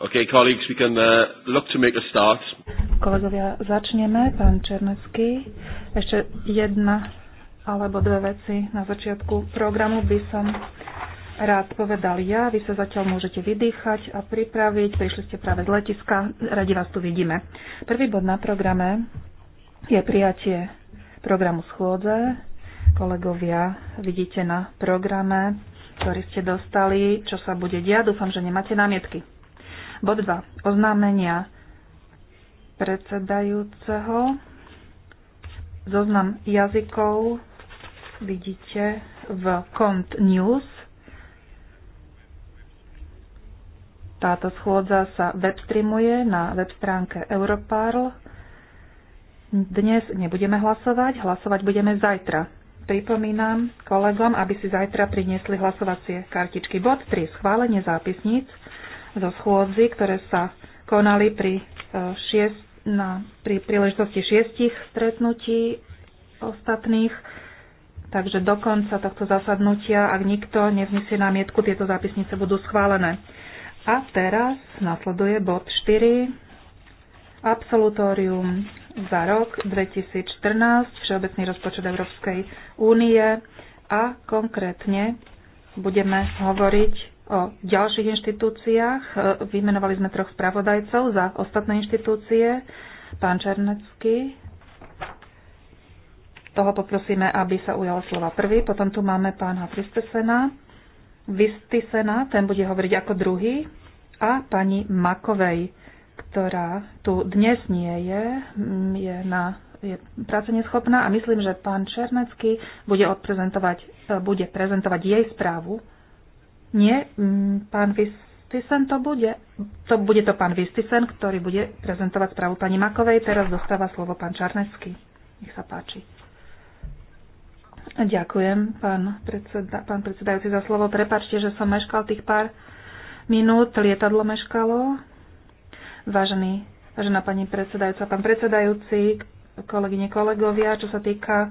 Okay, colleagues, we can uh, look to make a start. Kolegovia, začneme. Pán Černecký. Ešte jedna alebo dve veci na začiatku programu by som rád povedal ja. Vy sa zatiaľ môžete vydýchať a pripraviť. Prišli ste práve z letiska. Radi vás tu vidíme. Prvý bod na programe je prijatie programu schôdze. Kolegovia, vidíte na programe, ktorý ste dostali, čo sa bude diať. Dúfam, že nemáte námietky. Bod 2. Oznámenia predsedajúceho. Zoznam jazykov vidíte v Cont News. Táto schôdza sa webstreamuje na web stránke Europarl. Dnes nebudeme hlasovať, hlasovať budeme zajtra. Pripomínam kolegom, aby si zajtra priniesli hlasovacie kartičky. Bod 3. Schválenie zápisníc zo schôdzi, ktoré sa konali pri, e, šiest, na, pri príležitosti šiestich stretnutí ostatných. Takže do konca tohto zasadnutia, ak nikto nevznesie námietku, tieto zápisnice budú schválené. A teraz nasleduje bod 4. Absolutórium za rok 2014, Všeobecný rozpočet Európskej únie a konkrétne budeme hovoriť o ďalších inštitúciách. E, vymenovali sme troch spravodajcov za ostatné inštitúcie. Pán Černecký, toho poprosíme, aby sa ujal slova prvý. Potom tu máme pána Tristesena, Vistisena, ten bude hovoriť ako druhý. A pani Makovej, ktorá tu dnes nie je, je, na, je práce neschopná a myslím, že pán Černecký bude, odprezentovať, e, bude prezentovať jej správu nie, mm, pán Vistisen to bude. To, bude to pán Vistisen, ktorý bude prezentovať správu pani Makovej. Teraz dostáva slovo pán Čarnecký. Nech sa páči. Ďakujem, pán, predseda, pán predsedajúci, za slovo. Prepačte, že som meškal tých pár minút. Lietadlo meškalo. Vážený, vážená pani predsedajúca, pán predsedajúci, kolegyne, kolegovia, čo sa týka e,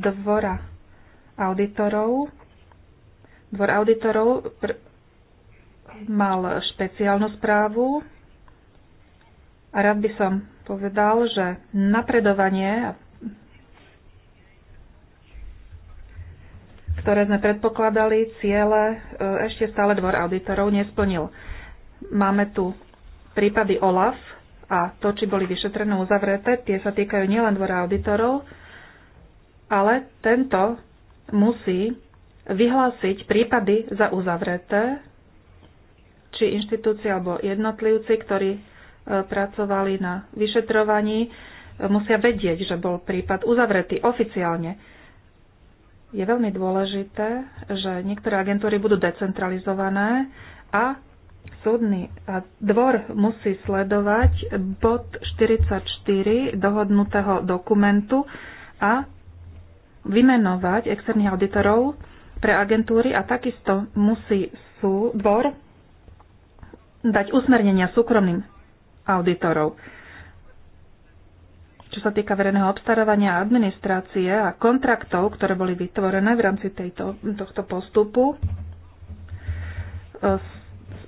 dvora auditorov, Dvor auditorov mal špeciálnu správu a rád by som povedal, že napredovanie, ktoré sme predpokladali, ciele e, ešte stále dvor auditorov nesplnil. Máme tu prípady OLAF a to, či boli vyšetrené uzavreté, tie sa týkajú nielen dvora auditorov, ale tento musí vyhlásiť prípady za uzavreté, či inštitúcie alebo jednotlivci, ktorí e, pracovali na vyšetrovaní, e, musia vedieť, že bol prípad uzavretý oficiálne. Je veľmi dôležité, že niektoré agentúry budú decentralizované a súdny a dvor musí sledovať bod 44 dohodnutého dokumentu a vymenovať externých auditorov pre agentúry a takisto musí súbor dať usmernenia súkromným auditorov. Čo sa týka verejného obstarávania administrácie a kontraktov, ktoré boli vytvorené v rámci tejto, tohto postupu, e,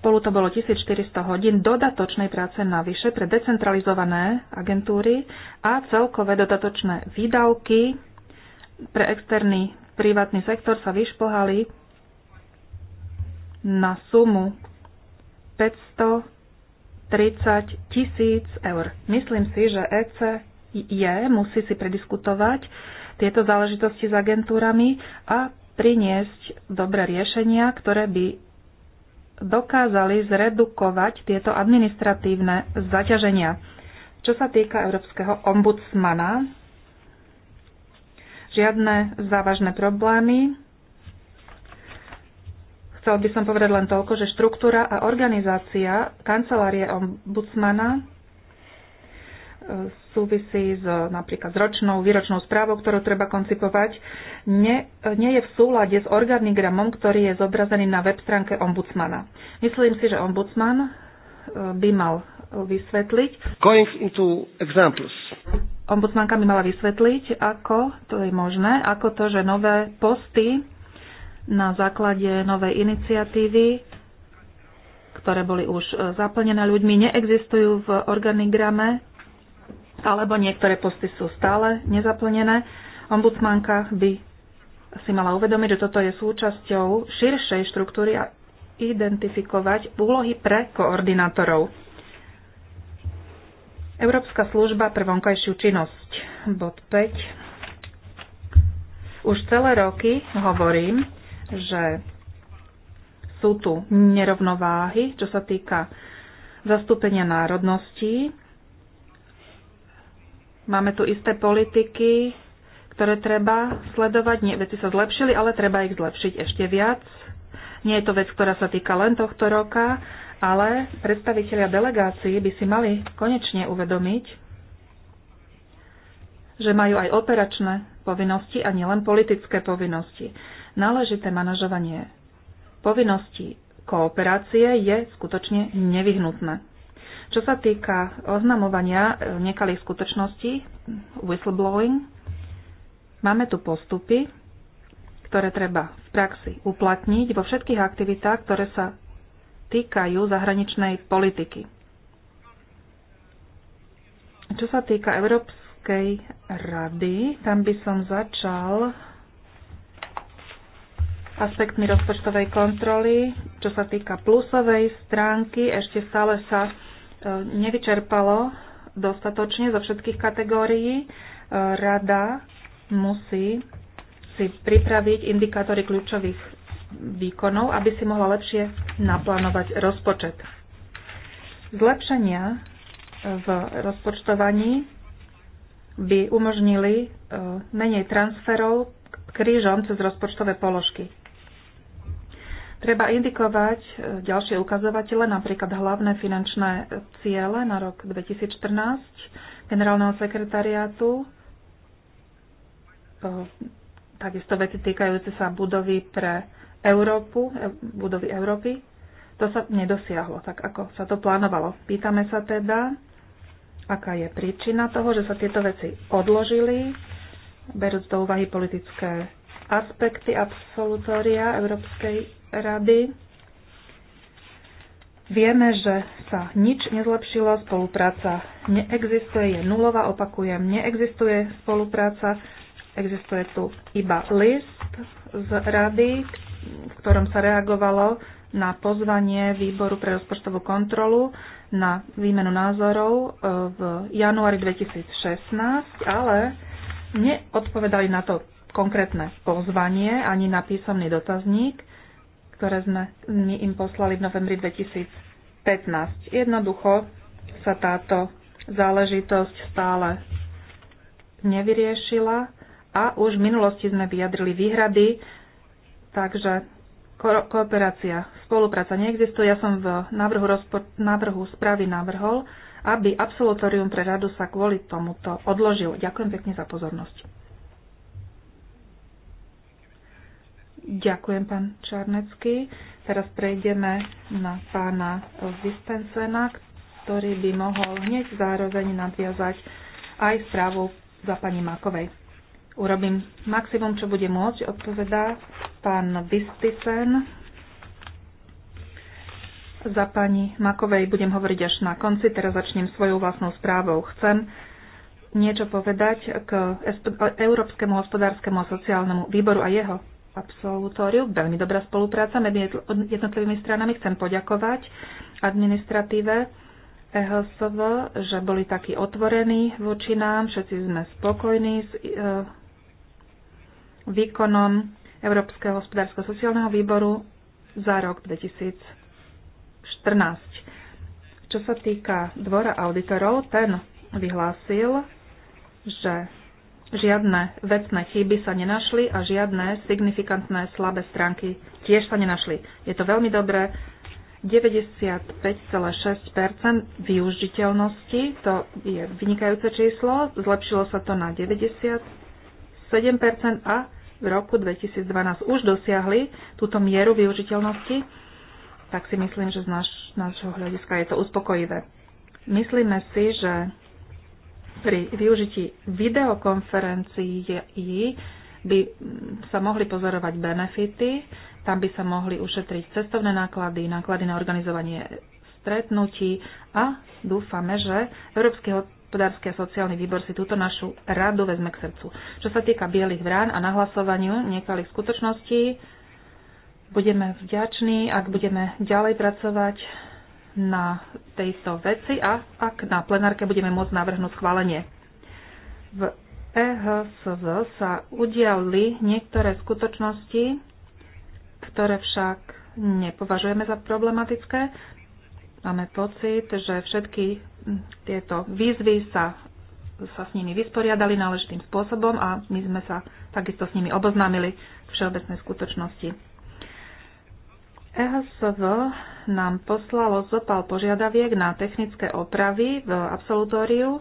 spolu to bolo 1400 hodín dodatočnej práce navyše pre decentralizované agentúry a celkové dodatočné výdavky pre externý privátny sektor sa vyšplhali na sumu 530 tisíc eur. Myslím si, že je, e musí si prediskutovať tieto záležitosti s agentúrami a priniesť dobré riešenia, ktoré by dokázali zredukovať tieto administratívne zaťaženia. Čo sa týka európskeho ombudsmana, žiadne závažné problémy. Chcel by som povedať len toľko, že štruktúra a organizácia kancelárie ombudsmana e, súvisí s, napríklad s ročnou, výročnou správou, ktorú treba koncipovať, nie, nie je v súlade s organigramom, ktorý je zobrazený na web stránke ombudsmana. Myslím si, že ombudsman e, by mal vysvetliť. Going into examples ombudsmanka mi mala vysvetliť, ako to je možné, ako to, že nové posty na základe novej iniciatívy, ktoré boli už e, zaplnené ľuďmi, neexistujú v organigrame, alebo niektoré posty sú stále nezaplnené. Ombudsmanka by si mala uvedomiť, že toto je súčasťou širšej štruktúry a identifikovať úlohy pre koordinátorov. Európska služba pre vonkajšiu činnosť. Bod 5. Už celé roky hovorím, že sú tu nerovnováhy, čo sa týka zastúpenia národností. Máme tu isté politiky, ktoré treba sledovať. Nie, veci sa zlepšili, ale treba ich zlepšiť ešte viac. Nie je to vec, ktorá sa týka len tohto roka, ale predstavitelia delegácií by si mali konečne uvedomiť, že majú aj operačné povinnosti a nielen politické povinnosti. Náležité manažovanie povinností kooperácie je skutočne nevyhnutné. Čo sa týka oznamovania e, nekalých skutočností, whistleblowing, máme tu postupy, ktoré treba v praxi uplatniť vo všetkých aktivitách, ktoré sa týkajú zahraničnej politiky. Čo sa týka Európskej rady, tam by som začal aspektmi rozpočtovej kontroly. Čo sa týka plusovej stránky, ešte stále sa e, nevyčerpalo dostatočne zo všetkých kategórií. E, rada musí si pripraviť indikátory kľúčových výkonov, aby si mohla lepšie naplánovať rozpočet. Zlepšenia v rozpočtovaní by umožnili e, menej transferov krížom cez rozpočtové položky. Treba indikovať e, ďalšie ukazovatele, napríklad hlavné finančné ciele na rok 2014 generálneho sekretariátu, e, takisto veci týkajúce sa budovy pre Európu, e, budovy Európy, to sa nedosiahlo tak, ako sa to plánovalo. Pýtame sa teda, aká je príčina toho, že sa tieto veci odložili, berúc do úvahy politické aspekty absolutória Európskej rady. Vieme, že sa nič nezlepšilo, spolupráca neexistuje, je nulová, opakujem, neexistuje spolupráca, existuje tu iba list z rady, v ktorom sa reagovalo na pozvanie Výboru pre rozpočtovú kontrolu na výmenu názorov e, v januári 2016, ale neodpovedali na to konkrétne pozvanie ani na písomný dotazník, ktoré sme my im poslali v novembri 2015. Jednoducho sa táto záležitosť stále nevyriešila a už v minulosti sme vyjadrili výhrady Takže ko- kooperácia, spolupráca neexistuje. Ja som v návrhu, rozpo- návrhu správy navrhol, aby absolutorium pre radu sa kvôli tomuto odložil. Ďakujem pekne za pozornosť. Ďakujem, pán Čarnecký. Teraz prejdeme na pána Vistensena, ktorý by mohol hneď zároveň nadviazať aj správu za pani Makovej. Urobím maximum, čo bude môcť, odpovedá pán Vistisen. Za pani Makovej budem hovoriť až na konci, teraz začnem svojou vlastnou správou. Chcem niečo povedať k Európskemu hospodárskemu a sociálnemu výboru a jeho absolutóriu. Veľmi dobrá spolupráca medzi jednotlivými stranami. Chcem poďakovať administratíve EHSV, že boli takí otvorení voči nám. Všetci sme spokojní s e, výkonom Európskeho hospodársko-sociálneho výboru za rok 2014. Čo sa týka dvora auditorov, ten vyhlásil, že žiadne vecné chyby sa nenašli a žiadne signifikantné slabé stránky tiež sa nenašli. Je to veľmi dobré. 95,6% využiteľnosti, to je vynikajúce číslo, zlepšilo sa to na 97% a v roku 2012 už dosiahli túto mieru využiteľnosti, tak si myslím, že z nášho hľadiska je to uspokojivé. Myslíme si, že pri využití videokonferencií by sa mohli pozorovať benefity, tam by sa mohli ušetriť cestovné náklady, náklady na organizovanie stretnutí a dúfame, že európsky hospodársky a sociálny výbor si túto našu radu vezme k srdcu. Čo sa týka bielých vrán a nahlasovaniu niekalých skutočností, budeme vďační, ak budeme ďalej pracovať na tejto veci a ak na plenárke budeme môcť navrhnúť schválenie. V EHSZ sa udiali niektoré skutočnosti, ktoré však nepovažujeme za problematické Máme pocit, že všetky hm, tieto výzvy sa, sa s nimi vysporiadali náležitým spôsobom a my sme sa takisto s nimi oboznámili v všeobecnej skutočnosti. EHSV nám poslalo zopal požiadaviek na technické opravy v absolutóriu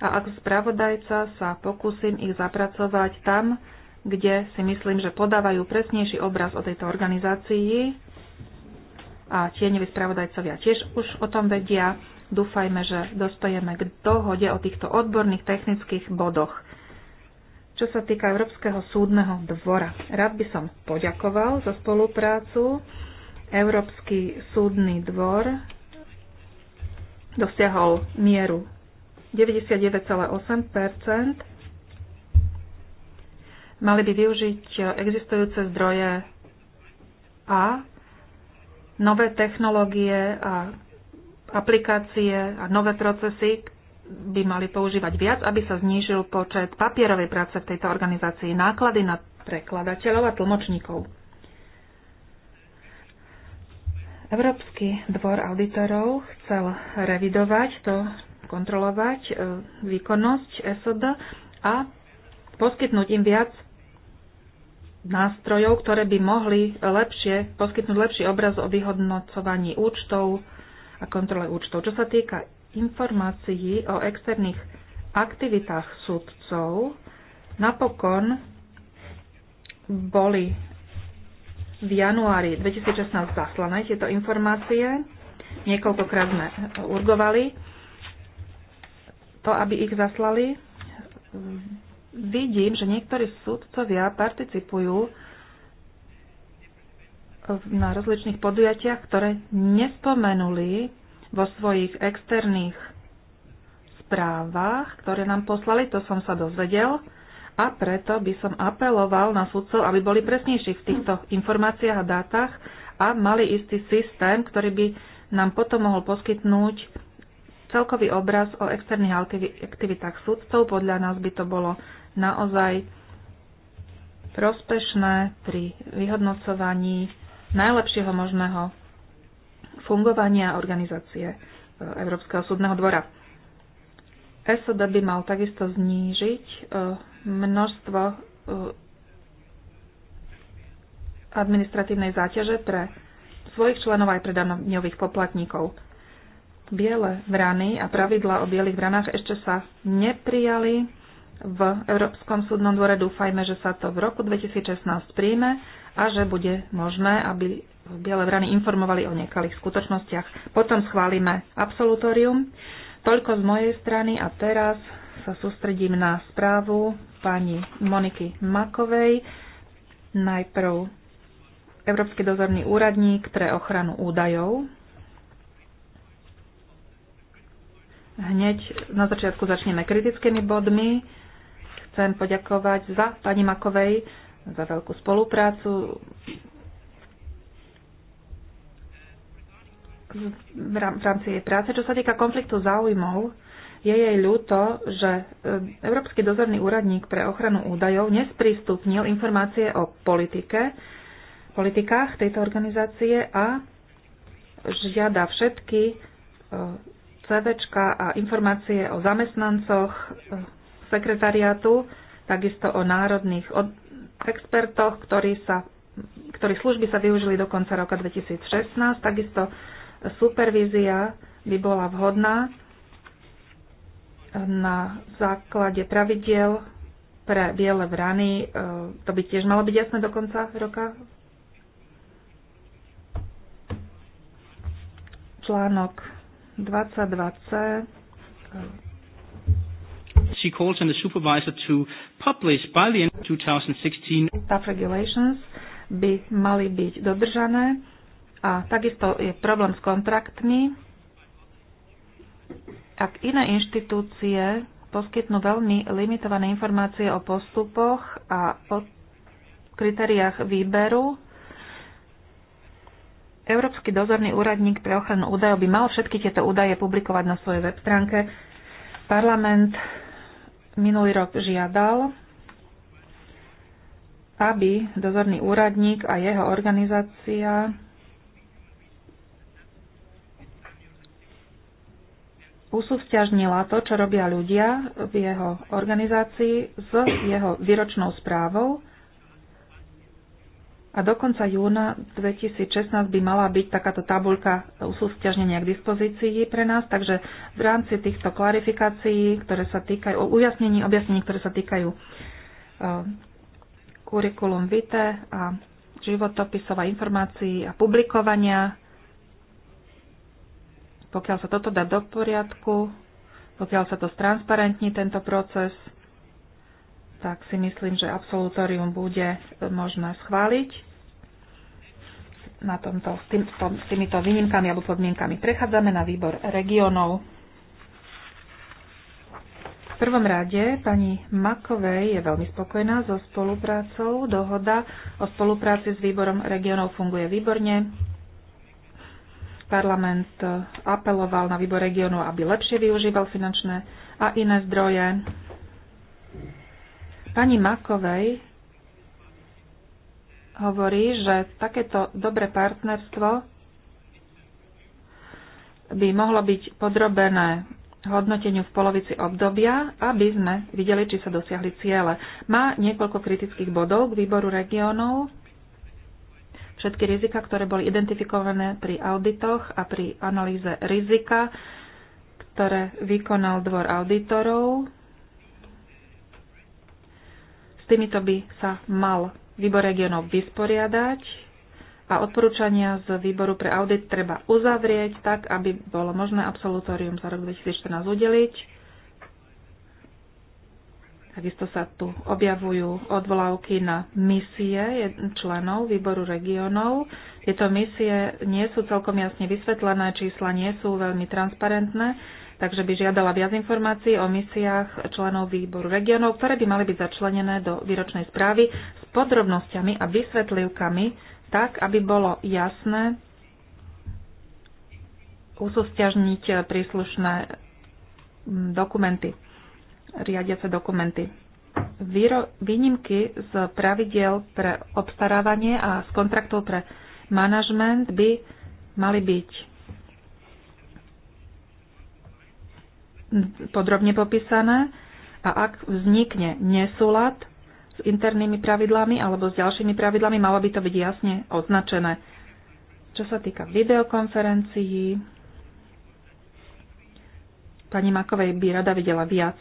a ako spravodajca sa pokúsim ich zapracovať tam, kde si myslím, že podávajú presnejší obraz o tejto organizácii a tieňoví spravodajcovia tiež už o tom vedia. Dúfajme, že dostojeme k dohode o týchto odborných technických bodoch. Čo sa týka Európskeho súdneho dvora, rád by som poďakoval za spoluprácu. Európsky súdny dvor dosiahol mieru 99,8 Mali by využiť existujúce zdroje a nové technológie a aplikácie a nové procesy by mali používať viac, aby sa znížil počet papierovej práce v tejto organizácii, náklady na prekladateľov a tlmočníkov. Európsky dvor auditorov chcel revidovať to, kontrolovať e, výkonnosť SOD a poskytnúť im viac nástrojov, ktoré by mohli lepšie, poskytnúť lepší obraz o vyhodnocovaní účtov a kontrole účtov. Čo sa týka informácií o externých aktivitách súdcov, napokon boli v januári 2016 zaslané tieto informácie. Niekoľkokrát sme urgovali to, aby ich zaslali vidím, že niektorí sudcovia participujú na rozličných podujatiach, ktoré nespomenuli vo svojich externých správach, ktoré nám poslali, to som sa dozvedel a preto by som apeloval na sudcov, aby boli presnejší v týchto informáciách a dátach a mali istý systém, ktorý by nám potom mohol poskytnúť celkový obraz o externých aktivitách sudcov. Podľa nás by to bolo naozaj prospešné pri vyhodnocovaní najlepšieho možného fungovania organizácie e, Európskeho súdneho dvora. SOD by mal takisto znížiť e, množstvo e, administratívnej záťaže pre svojich členov aj pre daňových poplatníkov. Biele vrany a pravidla o bielých vranách ešte sa neprijali v Európskom súdnom dvore. Dúfajme, že sa to v roku 2016 príjme a že bude možné, aby Biele vrany informovali o nekalých skutočnostiach. Potom schválime absolutórium. Toľko z mojej strany a teraz sa sústredím na správu pani Moniky Makovej. Najprv Európsky dozorný úradník pre ochranu údajov. Hneď na začiatku začneme kritickými bodmi chcem poďakovať za pani Makovej za veľkú spoluprácu. v rámci jej práce. Čo sa týka konfliktu záujmov, je jej ľúto, že e, Európsky dozorný úradník pre ochranu údajov nesprístupnil informácie o politike, politikách tejto organizácie a žiada všetky e, CVčka a informácie o zamestnancoch e, sekretariátu, takisto o národných expertoch, ktorí, sa, ktorí služby sa využili do konca roka 2016. Takisto supervízia by bola vhodná na základe pravidiel pre biele vrany. E, to by tiež malo byť jasné do konca roka. Článok 22c she calls on the supervisor to publish by the end of 2016 regulations by mali byť dodržané a takisto je problém s kontraktmi. Ak iné inštitúcie poskytnú veľmi limitované informácie o postupoch a o kritériách výberu, Európsky dozorný úradník pre ochranu údajov by mal všetky tieto údaje publikovať na svojej web stránke. Parlament minulý rok žiadal, aby dozorný úradník a jeho organizácia usúvťažnila to, čo robia ľudia v jeho organizácii s jeho výročnou správou a do konca júna 2016 by mala byť takáto tabuľka sústiažnenia k dispozícii pre nás, takže v rámci týchto klarifikácií, ktoré sa týkajú, ujasnení, objasnení, ktoré sa týkajú e, kurikulum vitae a životopisov a informácií a publikovania, pokiaľ sa toto dá do poriadku, pokiaľ sa to stransparentní tento proces, tak si myslím, že absolutórium bude možné schváliť na tomto, s, tým, s týmito výnimkami alebo podmienkami. Prechádzame na výbor regionov. V prvom rade pani Makovej je veľmi spokojná so spoluprácou. Dohoda o spolupráci s výborom regionov funguje výborne. Parlament apeloval na výbor regionov, aby lepšie využíval finančné a iné zdroje Pani Makovej hovorí, že takéto dobré partnerstvo by mohlo byť podrobené hodnoteniu v polovici obdobia, aby sme videli, či sa dosiahli ciele. Má niekoľko kritických bodov k výboru regiónov. Všetky rizika, ktoré boli identifikované pri auditoch a pri analýze rizika, ktoré vykonal dvor auditorov, týmito by sa mal výbor regionov vysporiadať a odporúčania z výboru pre audit treba uzavrieť tak, aby bolo možné absolutórium za rok 2014 udeliť. Takisto sa tu objavujú odvolávky na misie členov výboru regionov. Tieto misie nie sú celkom jasne vysvetlené, čísla nie sú veľmi transparentné takže by žiadala viac informácií o misiách členov výboru regionov, ktoré by mali byť začlenené do výročnej správy s podrobnosťami a vysvetlivkami, tak aby bolo jasné usústiažniť príslušné mm, dokumenty, riadiace dokumenty. Výro, výnimky z pravidiel pre obstarávanie a z kontraktov pre manažment by mali byť podrobne popísané a ak vznikne nesúlad s internými pravidlami alebo s ďalšími pravidlami, malo by to byť jasne označené. Čo sa týka videokonferencií, pani Makovej by rada videla viac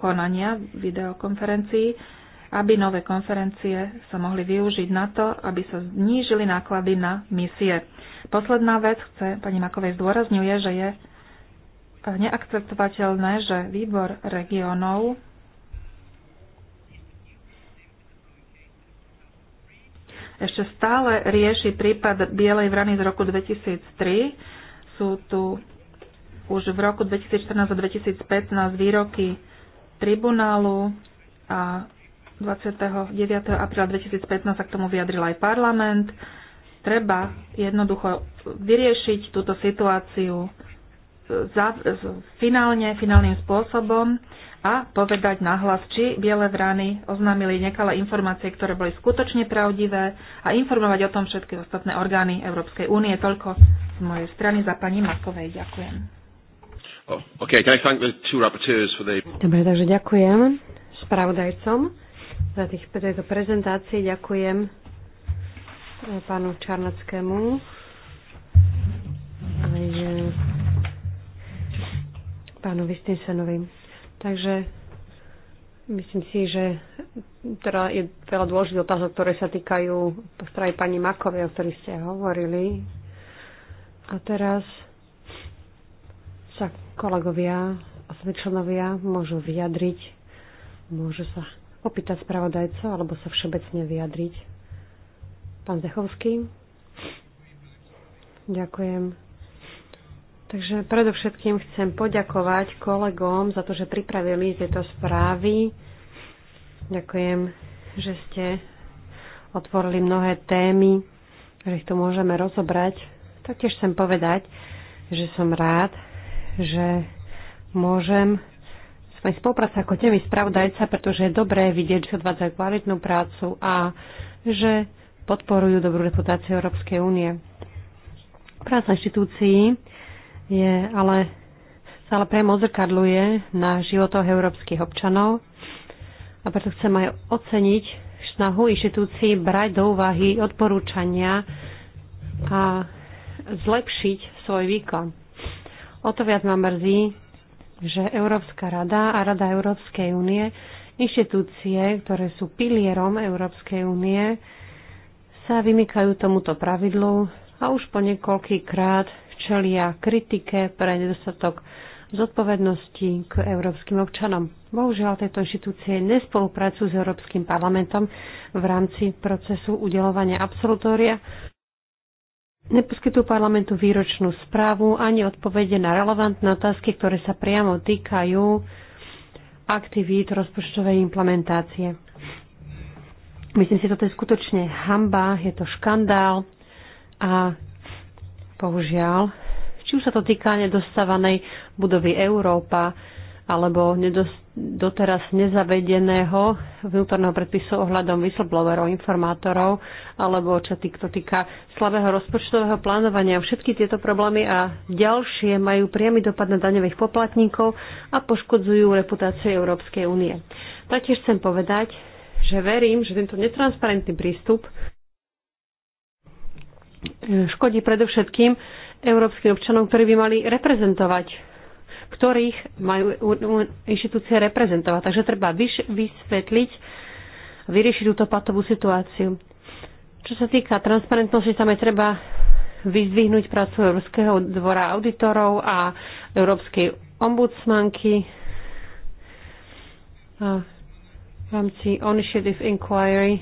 konania videokonferencií, aby nové konferencie sa mohli využiť na to, aby sa znížili náklady na misie. Posledná vec chce, pani Makovej zdôrazňuje, že je neakceptovateľné, že výbor regionov ešte stále rieši prípad Bielej vrany z roku 2003. Sú tu už v roku 2014 a 2015 výroky tribunálu a 29. apríla 2015 sa k tomu vyjadril aj parlament. Treba jednoducho vyriešiť túto situáciu finálne, finálnym spôsobom a povedať nahlas, či biele vrany oznámili nekalé informácie, ktoré boli skutočne pravdivé a informovať o tom všetky ostatné orgány Európskej únie. Toľko z mojej strany za pani Makovej. Ďakujem. Oh, okay. the... Dobre, takže ďakujem spravodajcom za tých, tejto prezentácii. Ďakujem e, pánu Čarnackému pánovi Stinsenovi. Takže myslím si, že teda je veľa dôležitých otázok, ktoré sa týkajú strany pani Makovej, o ktorých ste hovorili. A teraz sa kolegovia a členovia môžu vyjadriť, môžu sa opýtať spravodajcov alebo sa všeobecne vyjadriť. Pán Zechovský. Ďakujem. Takže predovšetkým chcem poďakovať kolegom za to, že pripravili tieto správy. Ďakujem, že ste otvorili mnohé témy, že ich tu môžeme rozobrať. Taktiež chcem povedať, že som rád, že môžem s spolupráca ako temi spravodajca, pretože je dobré vidieť, že odvádza kvalitnú prácu a že podporujú dobrú reputáciu Európskej únie. Práca inštitúcií je ale sa ale priamo zrkadluje na životoch európskych občanov a preto chcem aj oceniť snahu inštitúcií brať do úvahy odporúčania a zlepšiť svoj výkon. O to viac ma mrzí, že Európska rada a Rada Európskej únie, inštitúcie, ktoré sú pilierom Európskej únie, sa vymykajú tomuto pravidlu a už po niekoľký krát čelia kritike pre nedostatok zodpovednosti k európskym občanom. Bohužiaľ, tieto inštitúcie nespolupracujú s Európskym parlamentom v rámci procesu udelovania absolutória. Neposkytujú parlamentu výročnú správu ani odpovede na relevantné otázky, ktoré sa priamo týkajú aktivít rozpočtovej implementácie. Myslím si, že toto je skutočne hamba, je to škandál a Bohužiaľ, či už sa to týka nedostávanej budovy Európa alebo doteraz nezavedeného vnútorného predpisu ohľadom whistleblowerov, informátorov, alebo čo to týka slabého rozpočtového plánovania. Všetky tieto problémy a ďalšie majú priamy dopad na daňových poplatníkov a poškodzujú reputáciu Európskej únie. Taktiež chcem povedať, že verím, že tento netransparentný prístup škodí predovšetkým európskym občanom, ktorí by mali reprezentovať, ktorých majú inštitúcie reprezentovať. Takže treba vysvetliť, vyriešiť túto patovú situáciu. Čo sa týka transparentnosti, tam je treba vyzdvihnúť prácu Európskeho dvora auditorov a Európskej ombudsmanky v rámci Initiative Inquiry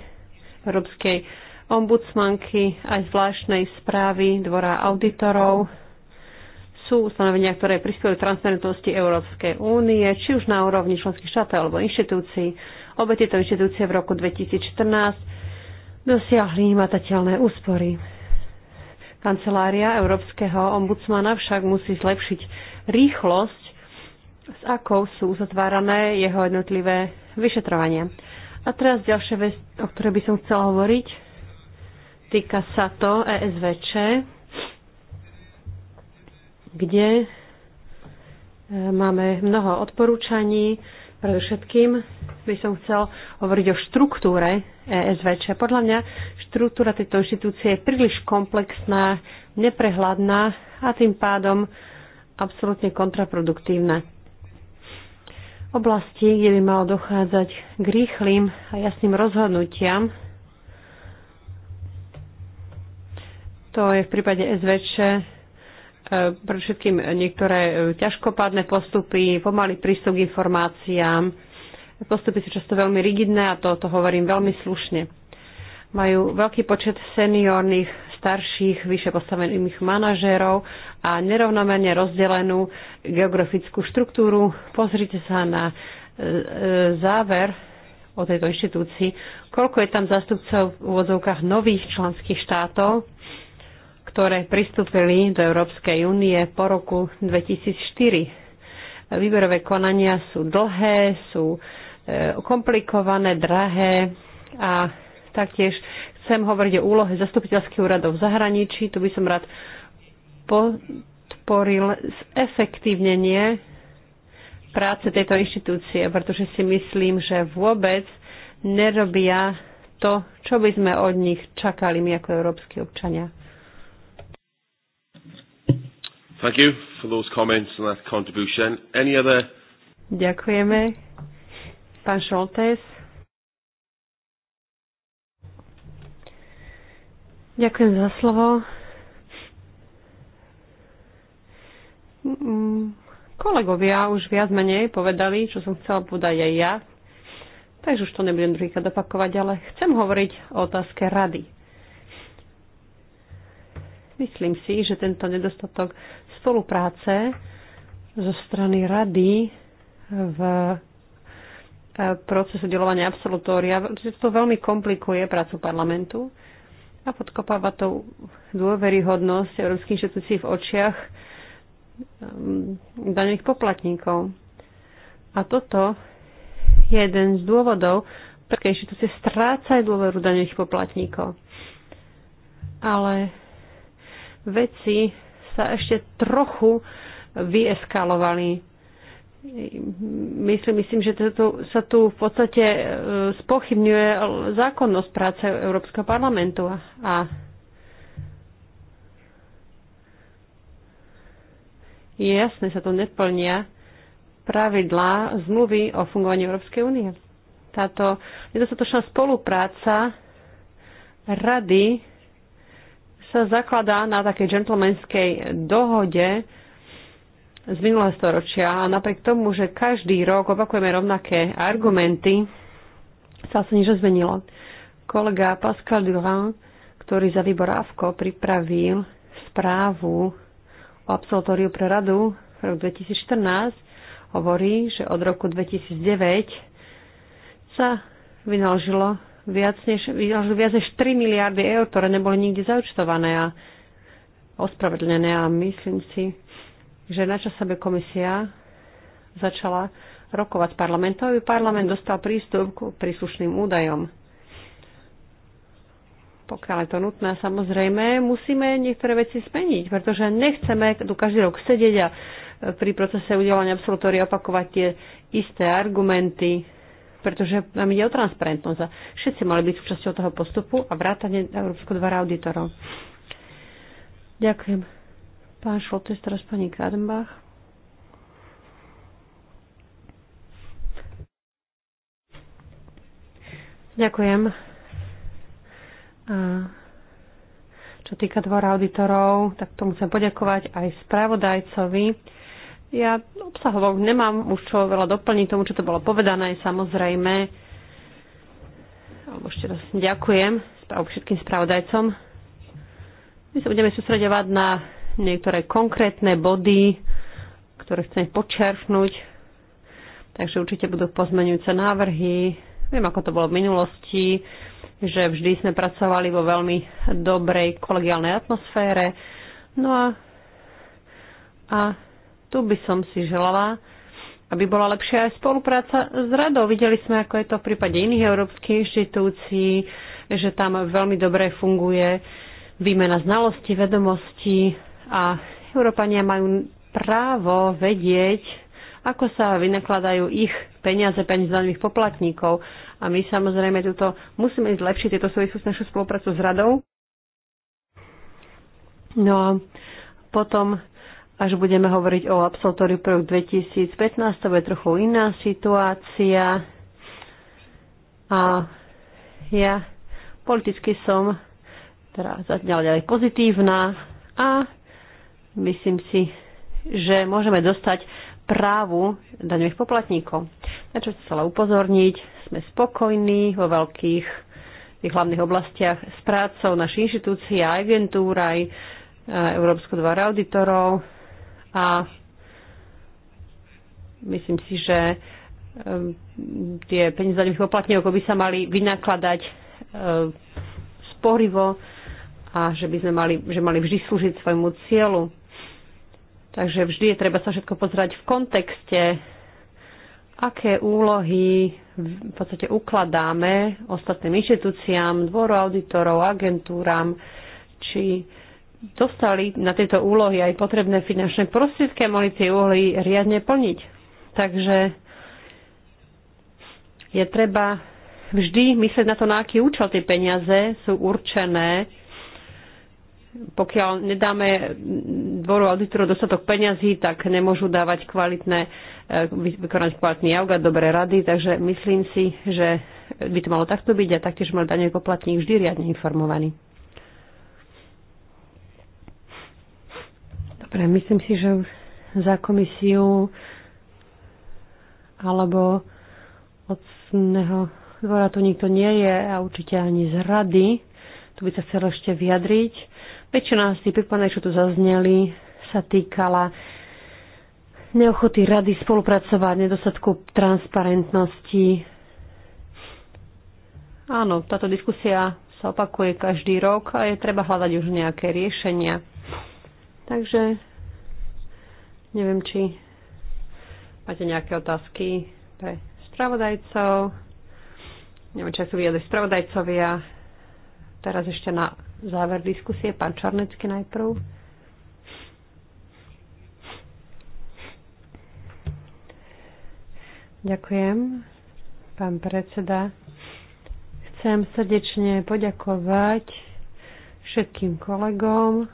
Európskej ombudsmanky aj zvláštnej správy Dvora auditorov sú ustanovenia, ktoré prispievajú transparentnosti Európskej únie, či už na úrovni členských štátov alebo inštitúcií. Obe tieto inštitúcie v roku 2014 dosiahli matateľné úspory. Kancelária Európskeho ombudsmana však musí zlepšiť rýchlosť, s akou sú uzatvárané jeho jednotlivé vyšetrovania. A teraz ďalšia vec, o ktorej by som chcela hovoriť, Týka sa to ESVČ, kde e, máme mnoho odporúčaní. Predovšetkým by som chcel hovoriť o štruktúre ESVČ. Podľa mňa štruktúra tejto inštitúcie je príliš komplexná, neprehľadná a tým pádom absolútne kontraproduktívna. Oblasti, kde by malo dochádzať k rýchlým a jasným rozhodnutiam To je v prípade SVČ e, pre všetkým niektoré e, ťažkopádne postupy, pomalý prístup k informáciám. Postupy sú často veľmi rigidné a to, to hovorím veľmi slušne. Majú veľký počet seniorných, starších, vyše postavených manažérov a nerovnomerne rozdelenú geografickú štruktúru. Pozrite sa na e, záver o tejto inštitúcii, koľko je tam zastupcov v úvodzovkách nových členských štátov, ktoré pristúpili do Európskej únie po roku 2004. Výberové konania sú dlhé, sú e, komplikované, drahé a taktiež chcem hovoriť o úlohe zastupiteľských úradov v zahraničí. Tu by som rád podporil zefektívnenie práce tejto inštitúcie, pretože si myslím, že vôbec nerobia to, čo by sme od nich čakali my ako európsky občania. Thank you for those comments and that contribution. Any other? Ďakujeme. Pán Šoltes. Ďakujem za slovo. Mm, kolegovia už viac menej povedali, čo som chcela povedať aj ja. Takže už to nebudem druhýkrát opakovať, ale chcem hovoriť o otázke rady. Myslím si, že tento nedostatok spolupráce zo strany rady v e, procesu delovania absolutória, že to veľmi komplikuje prácu parlamentu a podkopáva to dôveryhodnosť európskych inštitúcií v očiach ehm, daných poplatníkov. A toto je jeden z dôvodov, prečo inštitúcie strácajú dôveru daných poplatníkov. Ale veci sa ešte trochu vyeskalovali. Myslím, myslím, že to, sa tu v podstate e, spochybňuje zákonnosť práce Európskeho parlamentu a je jasné, sa tu neplnia pravidlá zmluvy o fungovaní Európskej únie. Táto nedostatočná spolupráca rady sa zakladá na takej džentlmenskej dohode z minulého storočia a napriek tomu, že každý rok opakujeme rovnaké argumenty, sa sa nič zmenilo. Kolega Pascal Durand, ktorý za výbor pripravil správu o absolutóriu pre radu v roku 2014, hovorí, že od roku 2009 sa vynaložilo viac než, viac než 3 miliardy eur, ktoré neboli nikdy zaučtované a ospravedlené. a myslím si, že na čo sa by komisia začala rokovať parlamentom, aby parlament dostal prístup k príslušným údajom. Pokiaľ je to nutné, samozrejme, musíme niektoré veci zmeniť, pretože nechceme tu každý rok sedieť a pri procese udelania absolutória opakovať tie isté argumenty, pretože nám ide o transparentnosť všetci mali byť súčasťou toho postupu a vrátane Európskeho dvora auditorov. Ďakujem. Pán Šoltes, teraz pani Kadenbach. Ďakujem. A čo týka dvora auditorov, tak tomu chcem poďakovať aj spravodajcovi ja obsahovo nemám už čo veľa doplniť tomu, čo to bolo povedané, samozrejme. Ešte raz ďakujem všetkým spravodajcom. My sa budeme sústredovať na niektoré konkrétne body, ktoré chcem počerknúť. Takže určite budú pozmenujúce návrhy. Viem, ako to bolo v minulosti, že vždy sme pracovali vo veľmi dobrej kolegiálnej atmosfére. No a, a tu by som si želala, aby bola lepšia aj spolupráca s radou. Videli sme, ako je to v prípade iných európskych inštitúcií, že tam veľmi dobre funguje výmena znalostí, vedomostí a Európania majú právo vedieť, ako sa vynakladajú ich peniaze, peniaze daných poplatníkov. A my samozrejme túto musíme zlepšiť tieto súvislosti našu spoluprácu s radou. No a potom až budeme hovoriť o absolutóriu pre rok 2015, to bude trochu iná situácia. A ja politicky som teda zatiaľ ďalej pozitívna a myslím si, že môžeme dostať právu daňových poplatníkov. Na čo chcela upozorniť, sme spokojní vo veľkých tých hlavných oblastiach s prácou našej inštitúcie, agentúr, aj e, Európsko dvora auditorov, a myslím si, že ehm, tie peniaze daňových poplatníkov by sa mali vynakladať ehm, sporivo a že by sme mali, že mali vždy slúžiť svojmu cieľu. Takže vždy je treba sa všetko pozerať v kontexte, aké úlohy v podstate ukladáme ostatným inštitúciám, dvoru auditorov, agentúram, či dostali na tieto úlohy aj potrebné finančné prostriedky a mohli tie úlohy riadne plniť. Takže je treba vždy myslieť na to, na aký účel tie peniaze sú určené. Pokiaľ nedáme dvoru auditorov dostatok peňazí, tak nemôžu dávať kvalitné, eh, vykonať kvalitný jav a dobré rady, takže myslím si, že by to malo takto byť a taktiež mal daňový poplatník vždy riadne informovaný. Dobre, myslím si, že za komisiu alebo sného dvora tu nikto nie je a určite ani z rady. Tu by sa chcel ešte vyjadriť. Väčšina z tých pripomenek, čo tu zazneli, sa týkala neochoty rady spolupracovať, nedostatku transparentnosti. Áno, táto diskusia sa opakuje každý rok a je treba hľadať už nejaké riešenia. Takže neviem, či máte nejaké otázky pre spravodajcov. Neviem, či sú vyjadri spravodajcovia. Teraz ešte na záver diskusie. Pán Čarnecký najprv. Ďakujem, pán predseda. Chcem srdečne poďakovať všetkým kolegom,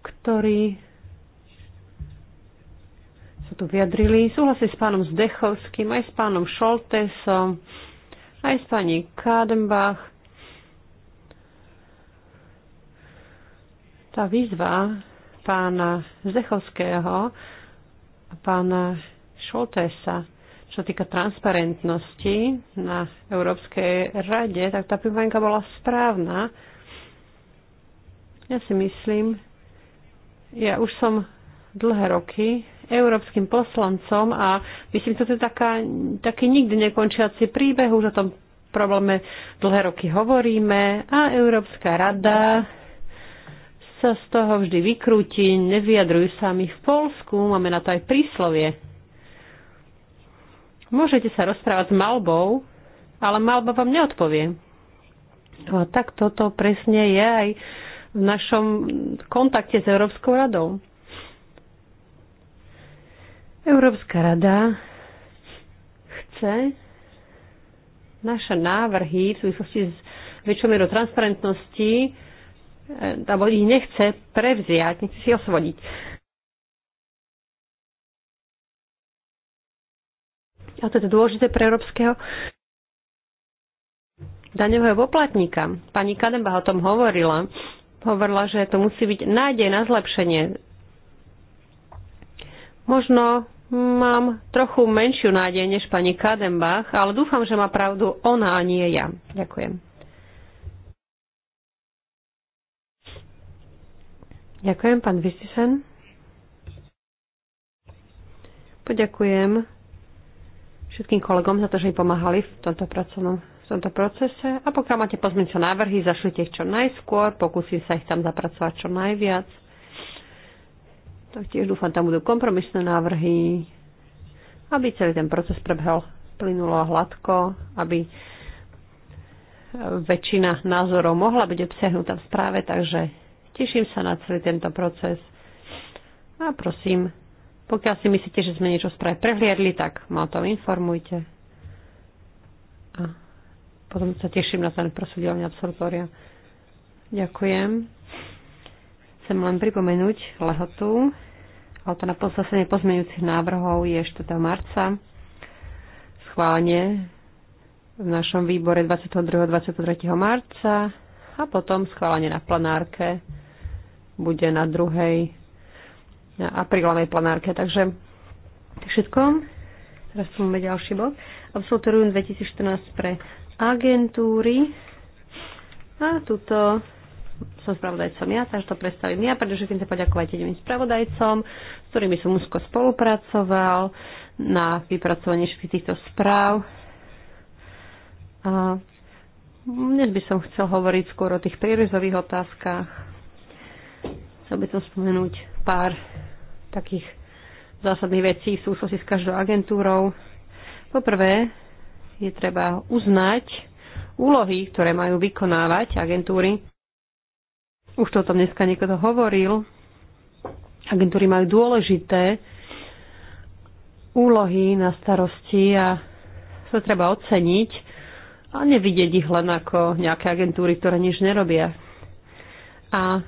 ktorí sa tu vyjadrili. Súhlasím s pánom Zdechovským, aj s pánom Šoltesom, aj s pani Kadenbach. Tá výzva pána Zdechovského a pána Šoltesa, čo týka transparentnosti na Európskej rade, tak tá pripomienka bola správna. Ja si myslím, ja už som dlhé roky európskym poslancom a myslím, že to je taká, taký nikdy nekončiaci príbeh. Už o tom probléme dlhé roky hovoríme a Európska rada sa z toho vždy vykrúti, nevyjadrujú sa my v Polsku, máme na to aj príslovie. Môžete sa rozprávať s Malbou, ale Malba vám neodpovie. A tak toto presne je aj v našom kontakte s Európskou radou. Európska rada chce naše návrhy v súvislosti s väčšou mierou transparentnosti, e, alebo ich nechce prevziať, nechce si osvodiť. A to je dôležité pre európskeho daňového poplatníka. Pani Kadenbach o tom hovorila hovorila, že to musí byť nádej na zlepšenie. Možno mám trochu menšiu nádej než pani Kadenbach, ale dúfam, že má pravdu ona a nie ja. Ďakujem. Ďakujem, pán Vistisen. Poďakujem všetkým kolegom za to, že mi pomáhali v tomto pracovnom tomto procese a pokiaľ máte pozmeňujúce návrhy, zašlite ich čo najskôr, pokúsim sa ich tam zapracovať čo najviac. tiež dúfam, tam budú kompromisné návrhy, aby celý ten proces prebehol plynulo a hladko, aby väčšina názorov mohla byť obsiahnutá v správe, takže teším sa na celý tento proces. A prosím, pokiaľ si myslíte, že sme niečo v správe prehliadli, tak ma o tom informujte. A potom sa teším na ten prosudelný absolutória. Ďakujem. Chcem len pripomenúť lehotu. to na poslasenie pozmeňujúcich návrhov je 4. marca. Schválenie v našom výbore 22. a 23. marca a potom schválenie na planárke bude na 2. na aprílovej planárke. Takže všetko. Teraz tu máme ďalší bod. Absolutorium 2014 pre agentúry. A tuto som spravodajcom ja, takže to predstavím ja, pretože chcem sa poďakovať jedným spravodajcom, s ktorými som úzko spolupracoval na vypracovanie všetkých týchto správ. A dnes by som chcel hovoriť skôr o tých prírezových otázkach. Chcel by som spomenúť pár takých zásadných vecí v súvislosti s každou agentúrou. Poprvé, je treba uznať úlohy, ktoré majú vykonávať agentúry. Už to o tom dneska niekto hovoril. Agentúry majú dôležité úlohy na starosti a sa treba oceniť a nevidieť ich len ako nejaké agentúry, ktoré nič nerobia. A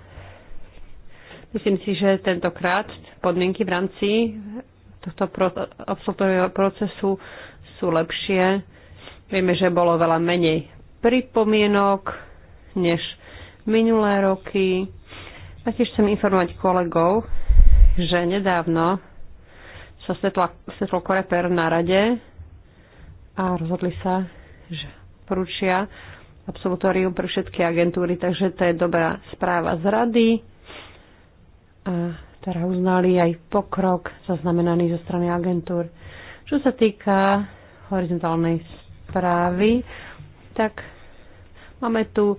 myslím si, že tentokrát podmienky v rámci tohto absolutového procesu sú lepšie Vieme, že bolo veľa menej pripomienok než minulé roky. A tiež chcem informovať kolegov, že nedávno sa stretla, stretol koreper na rade a rozhodli sa, že poručia absolutórium pre všetky agentúry, takže to je dobrá správa z rady. A teda uznali aj pokrok zaznamenaný zo strany agentúr. Čo sa týka horizontálnej správy, tak máme tu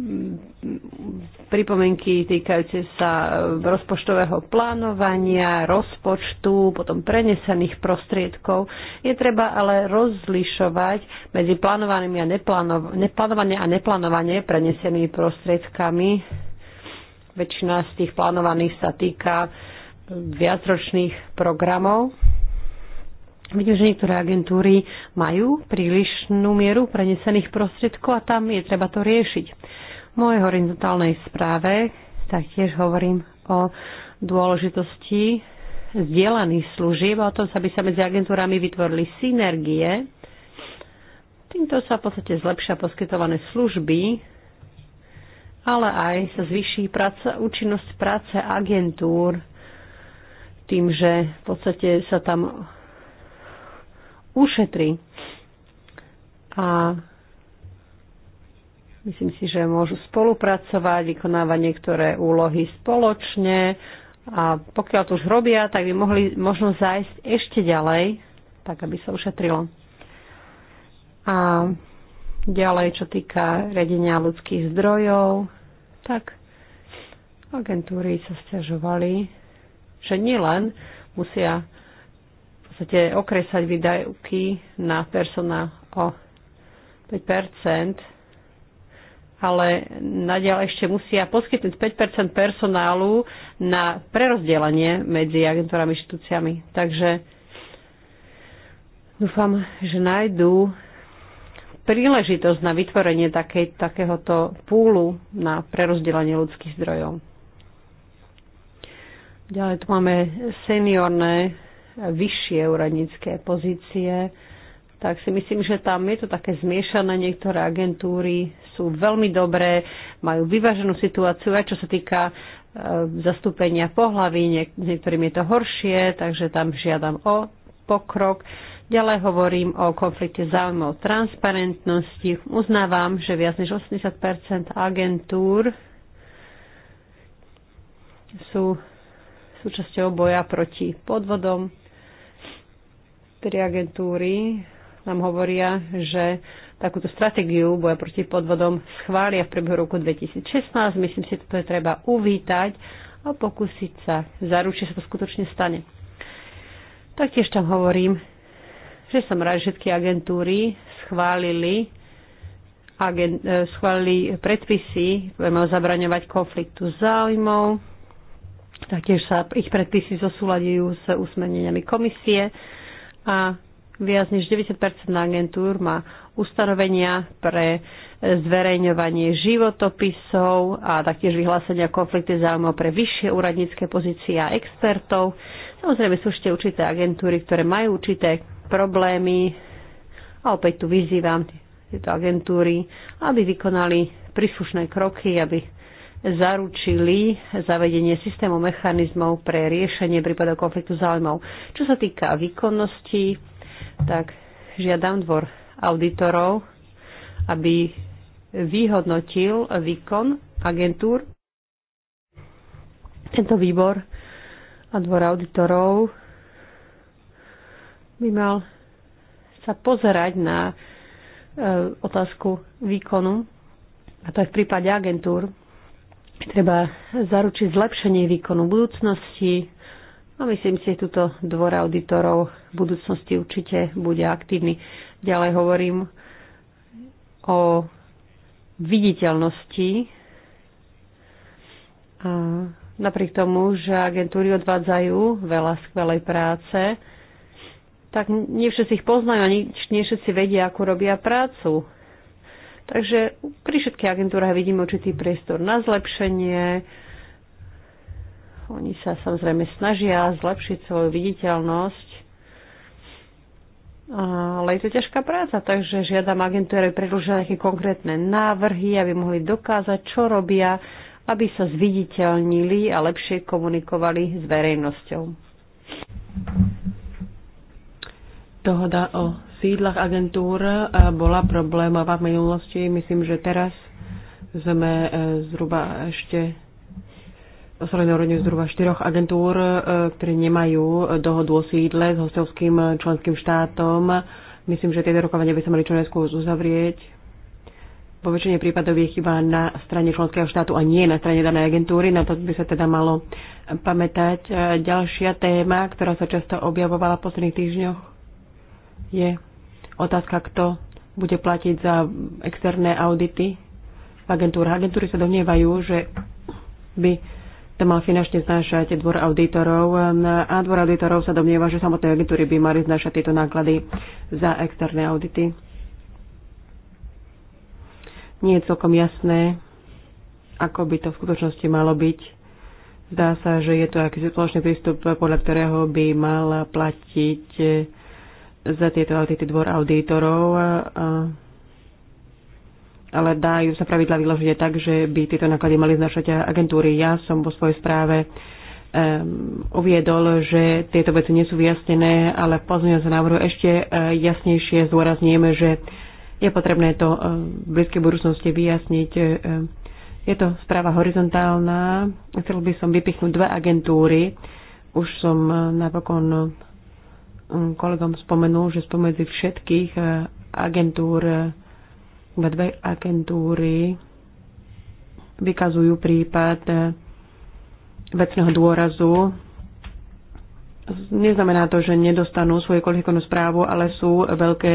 mm, pripomienky týkajúce sa e, rozpočtového plánovania, rozpočtu, potom prenesených prostriedkov. Je treba ale rozlišovať medzi plánovanými a neplánovanými neplánovanie a neplánovanie prenesenými prostriedkami. Väčšina z tých plánovaných sa týka viacročných programov Vidím, že niektoré agentúry majú prílišnú mieru prenesených prostriedkov a tam je treba to riešiť. V mojej horizontálnej správe taktiež hovorím o dôležitosti zdieľaných služieb a o tom, aby sa medzi agentúrami vytvorili synergie. Týmto sa v podstate zlepšia poskytované služby, ale aj sa zvyší práca, účinnosť práce agentúr tým, že v podstate sa tam ušetrí. A myslím si, že môžu spolupracovať, vykonávať niektoré úlohy spoločne a pokiaľ to už robia, tak by mohli možno zájsť ešte ďalej, tak aby sa ušetrilo. A ďalej, čo týka redenia ľudských zdrojov, tak agentúry sa stiažovali, že nielen musia podstate okresať výdajky na persona o 5%, ale nadiaľ ešte musia poskytnúť 5% personálu na prerozdelenie medzi agentúrami a inštitúciami. Takže dúfam, že nájdú príležitosť na vytvorenie také, takéhoto púlu na prerozdelenie ľudských zdrojov. Ďalej tu máme seniorné vyššie úradnícke pozície, tak si myslím, že tam je to také zmiešané. Niektoré agentúry sú veľmi dobré, majú vyváženú situáciu, aj čo sa týka e, zastúpenia pohlaví, niektorým je to horšie, takže tam žiadam o pokrok. Ďalej hovorím o konflikte záujmov transparentnosti. Uznávam, že viac než 80 agentúr sú súčasťou boja proti podvodom Tri agentúry nám hovoria, že takúto stratégiu boja proti podvodom schvália v priebehu roku 2016. Myslím si, že to je treba uvítať a pokúsiť sa zaručiť, že sa to skutočne stane. Taktiež tam hovorím, že som rád, že všetky agentúry schválili, agen, e, schválili predpisy, ktoré majú zabraňovať konfliktu záujmov. Taktiež sa ich predpisy zosúľadujú s usmerneniami komisie a viac než 90 agentúr má ustanovenia pre e, zverejňovanie životopisov a taktiež vyhlásenia konflikty záujmov pre vyššie úradnícke pozície a expertov. Samozrejme sú ešte určité agentúry, ktoré majú určité problémy a opäť tu vyzývam tieto agentúry, aby vykonali príslušné kroky, aby zaručili zavedenie systému mechanizmov pre riešenie prípadov konfliktu záujmov. Čo sa týka výkonnosti, tak žiadam dvor auditorov, aby vyhodnotil výkon agentúr. Tento výbor a dvor auditorov by mal sa pozerať na e, otázku výkonu, a to aj v prípade agentúr, Treba zaručiť zlepšenie výkonu budúcnosti a myslím si, že túto dvor auditorov v budúcnosti určite bude aktívny. Ďalej hovorím o viditeľnosti. A napriek tomu, že agentúry odvádzajú veľa skvelej práce, tak nie všetci ich poznajú a nie všetci vedia, ako robia prácu. Takže pri všetkých agentúrach vidíme určitý priestor na zlepšenie. Oni sa samozrejme snažia zlepšiť svoju viditeľnosť, ale je to ťažká práca, takže žiadam agentúre predložia nejaké konkrétne návrhy, aby mohli dokázať, čo robia, aby sa zviditeľnili a lepšie komunikovali s verejnosťou. Dohoda o sídlach agentúr e, bola problémová v minulosti. Myslím, že teraz sme e, zhruba ešte osvojené úrovne zhruba štyroch agentúr, e, ktoré nemajú dohodu o sídle s hostovským členským štátom. Myslím, že tieto rokovania by sa mali čo najskôr uzavrieť. Po väčšine prípadov je chyba na strane členského štátu a nie na strane danej agentúry. Na to by sa teda malo pamätať. Ďalšia téma, ktorá sa často objavovala v posledných týždňoch, je Otázka, kto bude platiť za externé audity v agentúrach. Agentúry sa domnievajú, že by to mal finančne znášať dvor auditorov a dvor auditorov sa domnieva, že samotné agentúry by mali znášať tieto náklady za externé audity. Nie je celkom jasné, ako by to v skutočnosti malo byť. Zdá sa, že je to akýsi spoločný prístup, podľa ktorého by mal platiť za tieto audity dvor auditorov, ale dajú sa pravidla vyložiť tak, že by tieto náklady mali znašať agentúry. Ja som vo svojej správe um, uviedol, že tieto veci nie sú vyjasnené, ale pozmeňujem sa návrhu ešte uh, jasnejšie zdôrazníme, že je potrebné to uh, v blízkej budúcnosti vyjasniť. Uh, je to správa horizontálna. Chcel by som vypichnúť dve agentúry. Už som uh, napokon kolegom spomenul, že spomedzi všetkých eh, agentúr, iba dve agentúry vykazujú prípad eh, vecného dôrazu. Neznamená to, že nedostanú svoju kvalifikovanú správu, ale sú veľké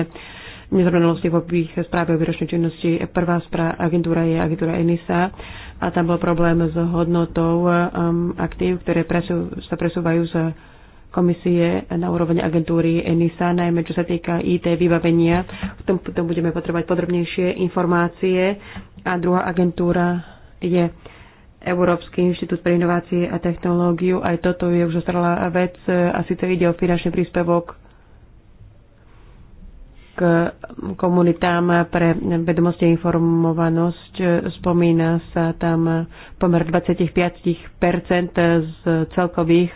nezrovnalosti v obých správe o výročnej činnosti. Prvá správa agentúra je agentúra ENISA a tam bol problém s hodnotou eh, um, aktív, ktoré presu, sa presúvajú z komisie na úroveň agentúry ENISA, najmä čo sa týka IT vybavenia. V tom potom budeme potrebovať podrobnejšie informácie. A druhá agentúra je Európsky inštitút pre inovácie a technológiu. Aj toto je už ostrala vec a síce ide o finančný príspevok k komunitám pre vedomosti a informovanosť. Spomína sa tam pomer 25 z celkových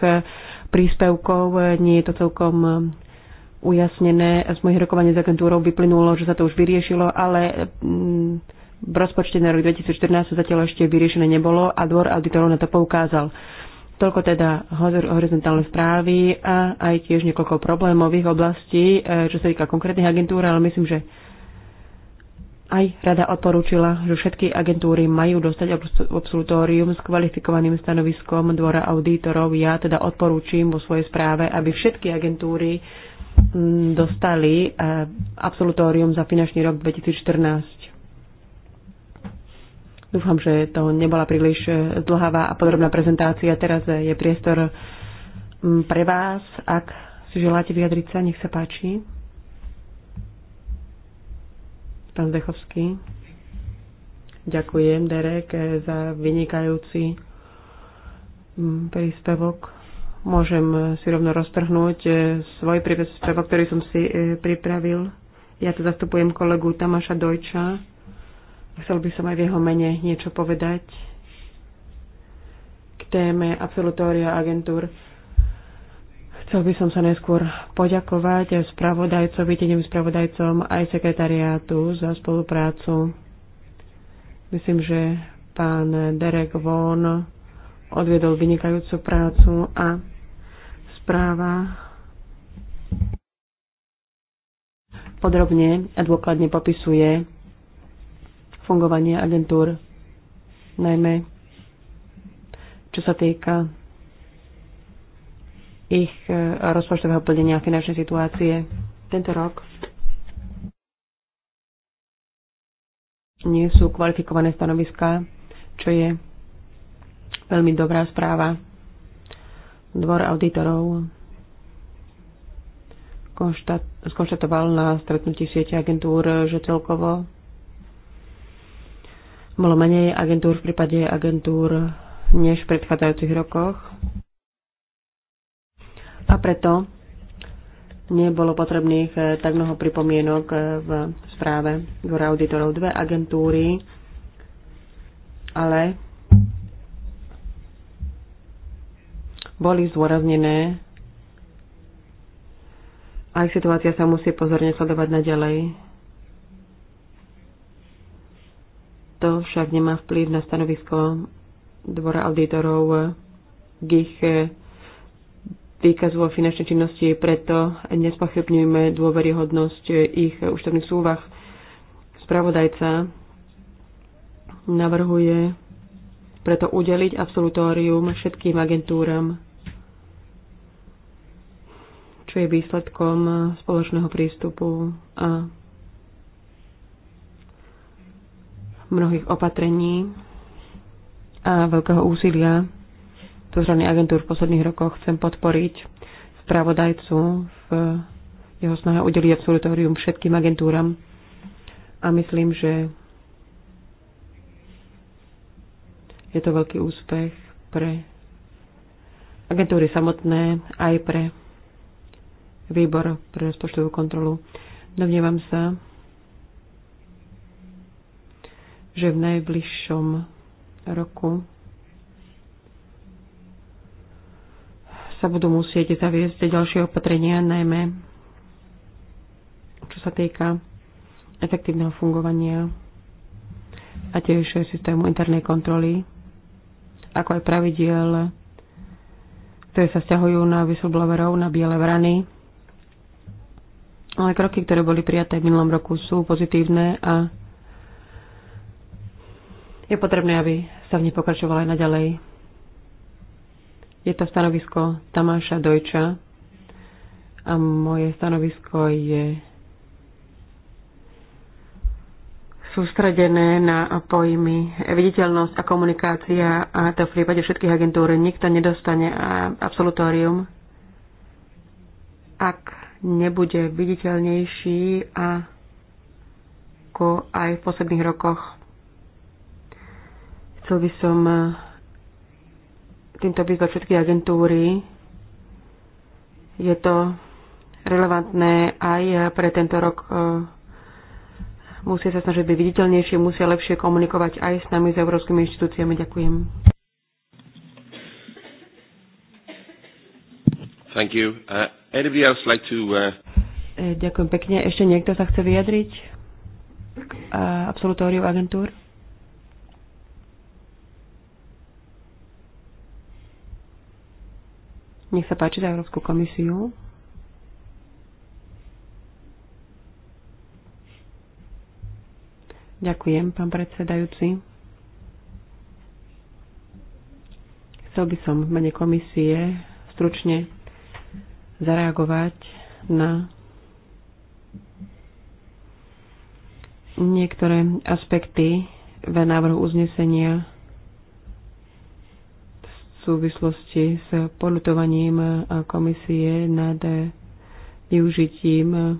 príspevkov. Nie je to celkom eh, ujasnené. Z mojich rokovaní s agentúrou vyplynulo, že sa to už vyriešilo, ale mm, v rozpočte na rok 2014 zatiaľ ešte vyriešené nebolo a dvor auditorov na to poukázal. Toľko teda horizontálne správy a aj tiež niekoľko problémových oblastí, eh, čo sa týka konkrétnych agentúr, ale myslím, že aj rada odporúčila, že všetky agentúry majú dostať absolutórium s kvalifikovaným stanoviskom dvora auditorov. Ja teda odporúčim vo svojej správe, aby všetky agentúry mm, dostali e, absolutórium za finančný rok 2014. Dúfam, že to nebola príliš e, dlhavá a podrobná prezentácia. Teraz e, je priestor mm, pre vás, ak si želáte vyjadriť sa, nech sa páči. Pán Zdechovský. Ďakujem, Derek, za vynikajúci mm, príspevok. Môžem si rovno roztrhnúť eh, svoj príspevok, ktorý som si eh, pripravil. Ja tu zastupujem kolegu Tamáša Dojča. Chcel by som aj v jeho mene niečo povedať k téme absolutória agentúr. Chcel by som sa neskôr poďakovať spravodajcovi, teným spravodajcom aj sekretariátu za spoluprácu. Myslím, že pán Derek Von odviedol vynikajúcu prácu a správa podrobne a dôkladne popisuje fungovanie agentúr, najmä čo sa týka ich e, rozpočtového plnenia a finančnej situácie. Tento rok nie sú kvalifikované stanoviská, čo je veľmi dobrá správa. Dvor auditorov skonštatoval na stretnutí siete agentúr, že celkovo bolo menej agentúr v prípade agentúr než v predchádzajúcich rokoch. A preto nebolo potrebných e, tak mnoho pripomienok e, v správe Dvora auditorov. Dve agentúry, ale boli zdôraznené. ich situácia sa musí pozorne sledovať naďalej. To však nemá vplyv na stanovisko Dvora auditorov k ich e výkazov o finančnej činnosti, preto nespochybňujeme dôveryhodnosť ich účtovných súvah. Spravodajca navrhuje preto udeliť absolutórium všetkým agentúram, čo je výsledkom spoločného prístupu a mnohých opatrení a veľkého úsilia zo strany agentúr v posledných rokoch. Chcem podporiť spravodajcu v jeho snahe udeliť absolutórium všetkým agentúram a myslím, že je to veľký úspech pre agentúry samotné aj pre výbor pre rozpočtovú kontrolu. Domnievam sa, že v najbližšom roku sa budú musieť zaviesť ďalšie opatrenia, najmä čo sa týka efektívneho fungovania a tiež systému internej kontroly, ako aj pravidiel, ktoré sa stiahujú na whistleblowerov, na biele vrany. Ale kroky, ktoré boli prijaté v minulom roku, sú pozitívne a je potrebné, aby sa v nich pokračovalo aj naďalej. Je to stanovisko Tamáša Dojča a moje stanovisko je sústredené na pojmy viditeľnosť a komunikácia a to v prípade všetkých agentúr nikto nedostane absolutórium, ak nebude viditeľnejší a ako aj v posledných rokoch. Chcel by som týmto výzva všetky agentúry. Je to relevantné aj pre tento rok. E, musia sa snažiť byť viditeľnejšie, musia lepšie komunikovať aj s nami, s európskymi inštitúciami. Ďakujem. Thank you. Uh, anybody else like to, uh... E, ďakujem pekne. Ešte niekto sa chce vyjadriť? Uh, e, absolutóriu agentúr? Nech sa páči za Európsku komisiu. Ďakujem, pán predsedajúci. Chcel by som v mene komisie stručne zareagovať na niektoré aspekty v návrhu uznesenia súvislosti s polutovaním komisie nad využitím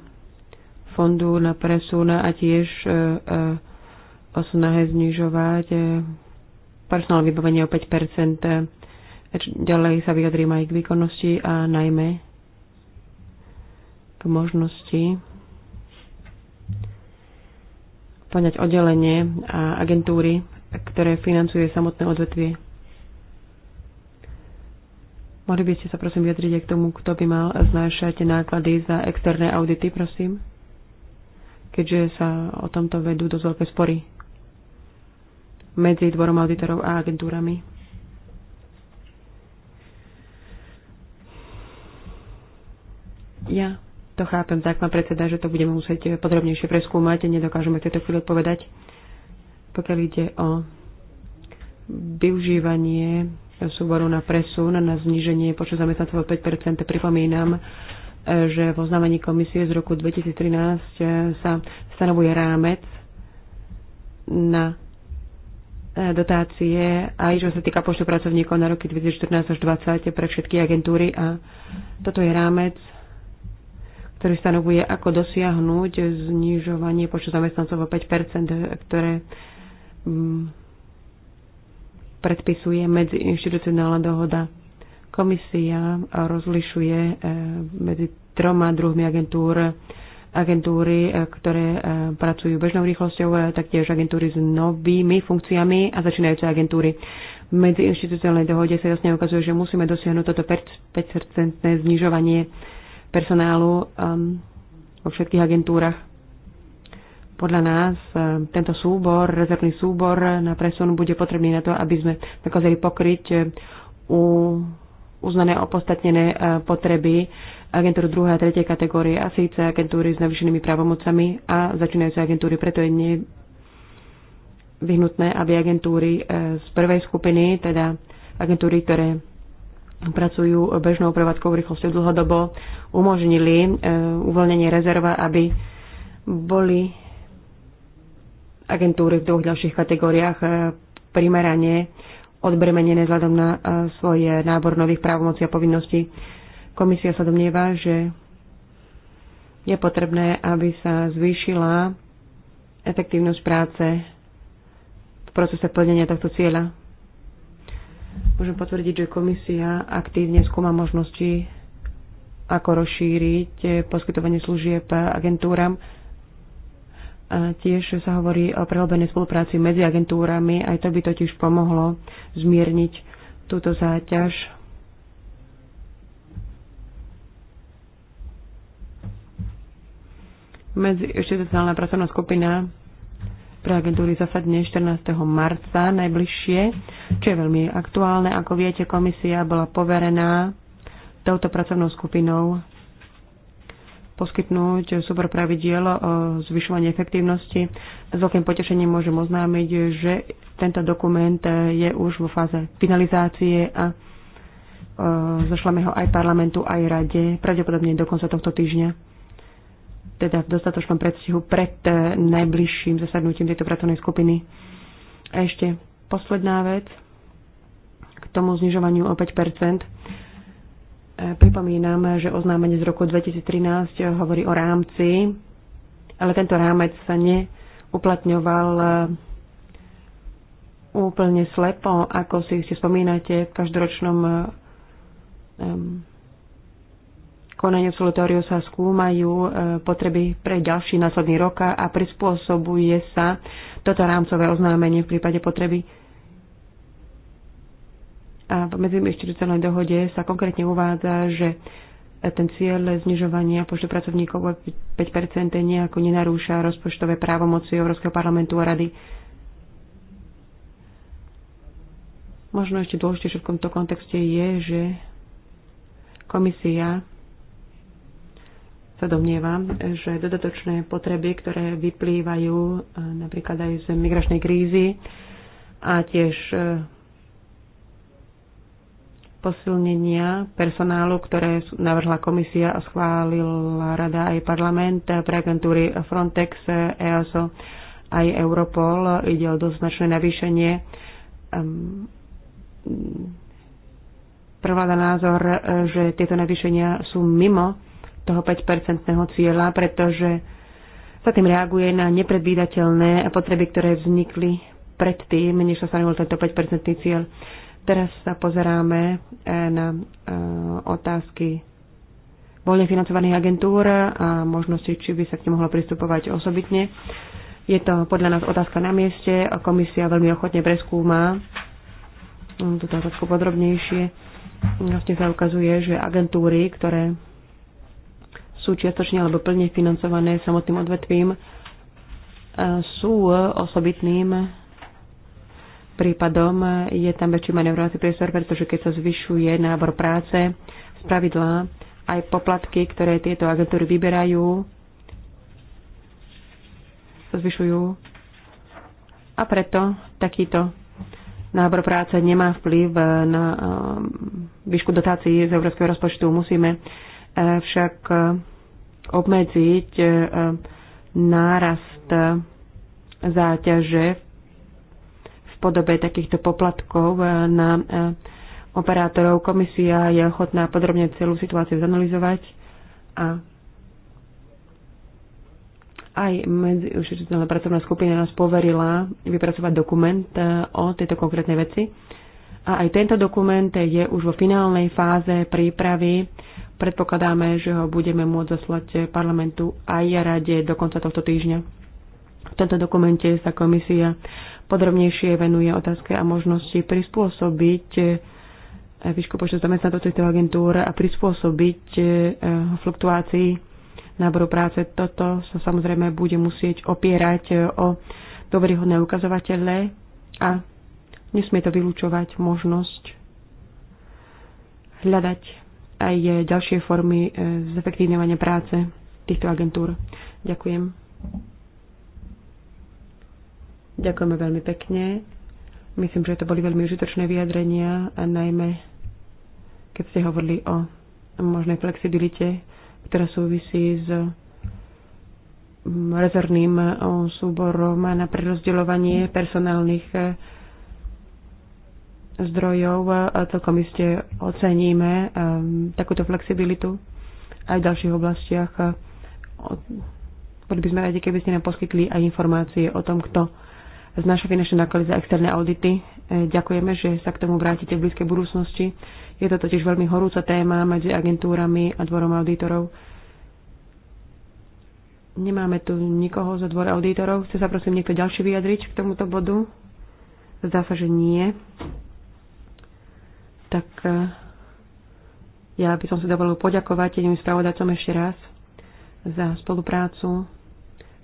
fondu na presun a tiež e, e, o snahe znižovať e, personálne vybavenie o 5 Ďalej sa vyjadrím aj k výkonnosti a najmä k možnosti poňať oddelenie a agentúry, ktoré financuje samotné odvetvie. Mohli by ste sa prosím vyjadriť aj k tomu, kto by mal znášať náklady za externé audity, prosím? Keďže sa o tomto vedú dosť veľké spory medzi dvorom auditorov a agentúrami. Ja to chápem tak, pán predseda, že to budeme musieť podrobnejšie preskúmať a nedokážeme v tejto chvíli odpovedať. Pokiaľ ide o využívanie súboru na presun na zníženie počtu zamestnancov o 5 Pripomínam, e, že v oznámení komisie z roku 2013 e, sa stanovuje rámec na e, dotácie, aj čo sa týka počtu pracovníkov na roky 2014 až 2020 pre všetky agentúry a toto je rámec, ktorý stanovuje, ako dosiahnuť znižovanie počtu zamestnancov o 5%, ktoré mm, predpisuje medziinstitucionálna dohoda. Komisia rozlišuje eh, medzi troma druhmi agentúr agentúry, eh, ktoré eh, pracujú bežnou rýchlosťou, taktiež agentúry s novými funkciami a začínajúce agentúry. V medziinstitucionálnej dohode sa jasne ukazuje, že musíme dosiahnuť toto 5-percentné znižovanie personálu ehm, vo všetkých agentúrach podľa nás e, tento súbor, rezervný súbor na presun bude potrebný na to, aby sme dokázali pokryť e, u uznané opostatnené e, potreby agentúr druhej a tretej kategórie a síce agentúry s navýšenými právomocami a začínajúce agentúry. Preto je ne vyhnutné, aby agentúry z prvej skupiny, teda agentúry, ktoré pracujú bežnou prevádzkou rýchlosťou dlhodobo, umožnili uvoľnenie rezerva, aby boli agentúry v dvoch ďalších kategóriách e, primerane odbremenené vzhľadom na e, svoj nábor nových právomocí a povinností. Komisia sa domnieva, že je potrebné, aby sa zvýšila efektívnosť práce v procese plnenia tohto cieľa. Môžem potvrdiť, že komisia aktívne skúma možnosti, ako rozšíriť poskytovanie služieb agentúram tiež sa hovorí o prehlbenej spolupráci medzi agentúrami, aj to by totiž pomohlo zmierniť túto záťaž. Medzi sociálna pracovná skupina pre agentúry zasadne 14. marca najbližšie, čo je veľmi aktuálne. Ako viete, komisia bola poverená touto pracovnou skupinou poskytnúť súbor pravidiel o e, zvyšovaní efektívnosti. S veľkým potešením môžem oznámiť, že tento dokument e, je už vo fáze finalizácie a e, zašleme ho aj parlamentu, aj rade, pravdepodobne do konca tohto týždňa teda v dostatočnom predstihu pred najbližším zasadnutím tejto pracovnej skupiny. A ešte posledná vec k tomu znižovaniu o 5 Pripomínam, že oznámenie z roku 2013 hovorí o rámci, ale tento rámec sa neuplatňoval e, úplne slepo, ako si ste spomínate v každoročnom um, konaní absolutóriu sa skúmajú e, potreby pre ďalší následný rok a prispôsobuje sa toto rámcové oznámenie v prípade potreby a v medziinstitucionálnej dohode sa konkrétne uvádza, že ten cieľ znižovania počtu pracovníkov o 5% nejako nenarúša rozpočtové právomoci Európskeho parlamentu a rady. Možno ešte dôležitejšie v tomto kontexte je, že komisia sa domnieva, že dodatočné potreby, ktoré vyplývajú eh, napríklad aj z migračnej krízy a tiež eh, posilnenia personálu, ktoré navrhla komisia a schválila rada aj parlament pre agentúry Frontex, EASO aj Europol. Ide o doznačné navýšenie. Ehm, Prevláda názor, že tieto navýšenia sú mimo toho 5-percentného cieľa, pretože sa tým reaguje na nepredvídateľné potreby, ktoré vznikli predtým, než sa stanovil tento 5-percentný cieľ. Teraz sa pozeráme e, na e, otázky voľne financovaných agentúr a možnosti, či by sa k ním mohlo pristupovať osobitne. Je to podľa nás otázka na mieste a komisia veľmi ochotne preskúma mm, túto otázku podrobnejšie. Vlastne sa ukazuje, že agentúry, ktoré sú čiastočne alebo plne financované samotným odvetvím, e, sú osobitným prípadom je tam väčší manevrovací priestor, pretože keď sa zvyšuje nábor práce, z pravidla aj poplatky, ktoré tieto agentúry vyberajú, sa zvyšujú. A preto takýto nábor práce nemá vplyv na um, výšku dotácií z európskeho rozpočtu. Musíme uh, však uh, obmedziť uh, nárast záťaže v podobe takýchto poplatkov e, na e, operátorov. Komisia je ochotná podrobne celú situáciu zanalizovať a aj medziúšetriteľná pracovná skupina nás poverila vypracovať dokument e, o tejto konkrétnej veci. A aj tento dokument je už vo finálnej fáze prípravy. Predpokladáme, že ho budeme môcť zaslať parlamentu aj rade do konca tohto týždňa. V tomto dokumente sa komisia podrobnejšie venuje otázke a možnosti prispôsobiť eh, výšku počtu zamestnancov týchto agentúr a prispôsobiť eh, fluktuácii náboru práce. Toto sa samozrejme bude musieť opierať eh, o dôveryhodné ukazovatele a nesmie to vylúčovať možnosť hľadať aj ďalšie formy zefektívňovania práce týchto agentúr. Ďakujem. Ďakujeme veľmi pekne. Myslím, že to boli veľmi užitočné vyjadrenia, a najmä keď ste hovorili o možnej flexibilite, ktorá súvisí s mm, rezervným súborom na prerozdeľovanie personálnych e, zdrojov. A celkom iste oceníme e, takúto flexibilitu aj v ďalších oblastiach. Boli by sme radi, keby ste nám poskytli aj informácie o tom, kto z naše finančné náklady za externé audity. E, ďakujeme, že sa k tomu vrátite v blízkej budúcnosti. Je to totiž veľmi horúca téma medzi agentúrami a dvorom auditorov. Nemáme tu nikoho za dvor auditorov. Chce sa prosím niekto ďalší vyjadriť k tomuto bodu? Zdá sa, že nie. Tak e, ja by som si dovolil poďakovať jedným spravodajcom ešte raz za spoluprácu.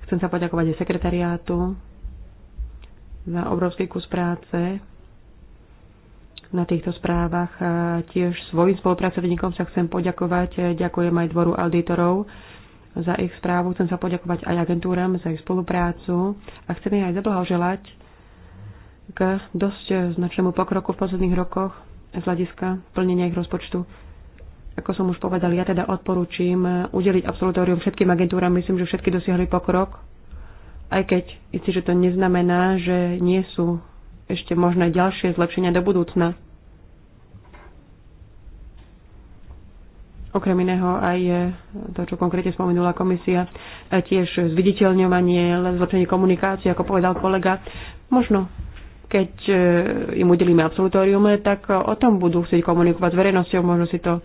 Chcem sa poďakovať aj sekretariátu, za obrovský kus práce na týchto správach. A tiež svojim spolupracovníkom sa chcem poďakovať. Ďakujem aj dvoru auditorov za ich správu. Chcem sa poďakovať aj agentúram za ich spoluprácu a chcem jej aj zablahoželať k dosť značnému pokroku v posledných rokoch z hľadiska plnenia ich rozpočtu. Ako som už povedal, ja teda odporúčam udeliť absolutórium všetkým agentúram. Myslím, že všetky dosiahli pokrok aj keď isté, že to neznamená, že nie sú ešte možné ďalšie zlepšenia do budúcna. Okrem iného aj to, čo konkrétne spomenula komisia, tiež zviditeľňovanie, zlepšenie komunikácie, ako povedal kolega. Možno, keď e, im udelíme absolutórium, tak o tom budú chcieť komunikovať s verejnosťou, možno si to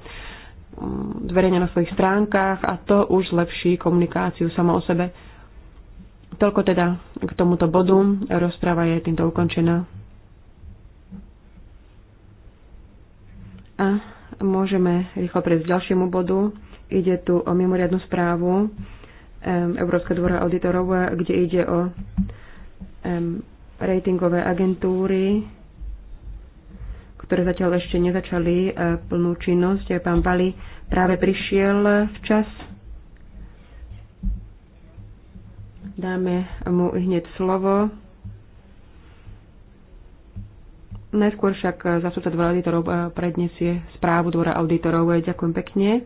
mm, zverejne na svojich stránkach a to už zlepší komunikáciu samo o sebe. Toľko teda k tomuto bodu. Rozpráva je týmto ukončená. A môžeme rýchlo prejsť k ďalšiemu bodu. Ide tu o mimoriadnu správu Európskeho dvora auditorov, kde ide o ratingové agentúry, ktoré zatiaľ ešte nezačali e, plnú činnosť. Pán Bali práve prišiel včas Dáme mu hneď slovo. Najskôr však zastupca dvora auditorov eh, predniesie správu dvora auditorov. Ďakujem pekne,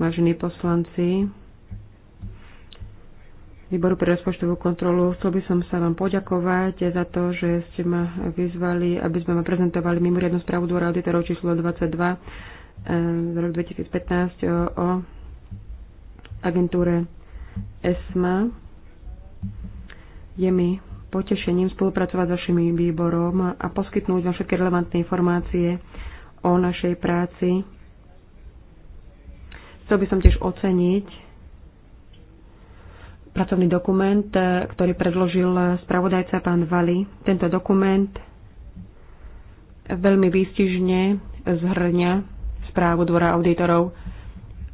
vážení poslanci. Výboru pre rozpočtovú kontrolu. Chcel by som sa vám poďakovať za to, že ste ma vyzvali, aby sme ma prezentovali mimoriadnu správu dvora auditorov číslo 22 eh, z roku 2015 o agentúre ESMA je mi potešením spolupracovať s vašim výborom a poskytnúť vám všetky relevantné informácie o našej práci. Chcel by som tiež oceniť pracovný dokument, ktorý predložil spravodajca pán Vali. Tento dokument veľmi výstižne zhrňa správu Dvora auditorov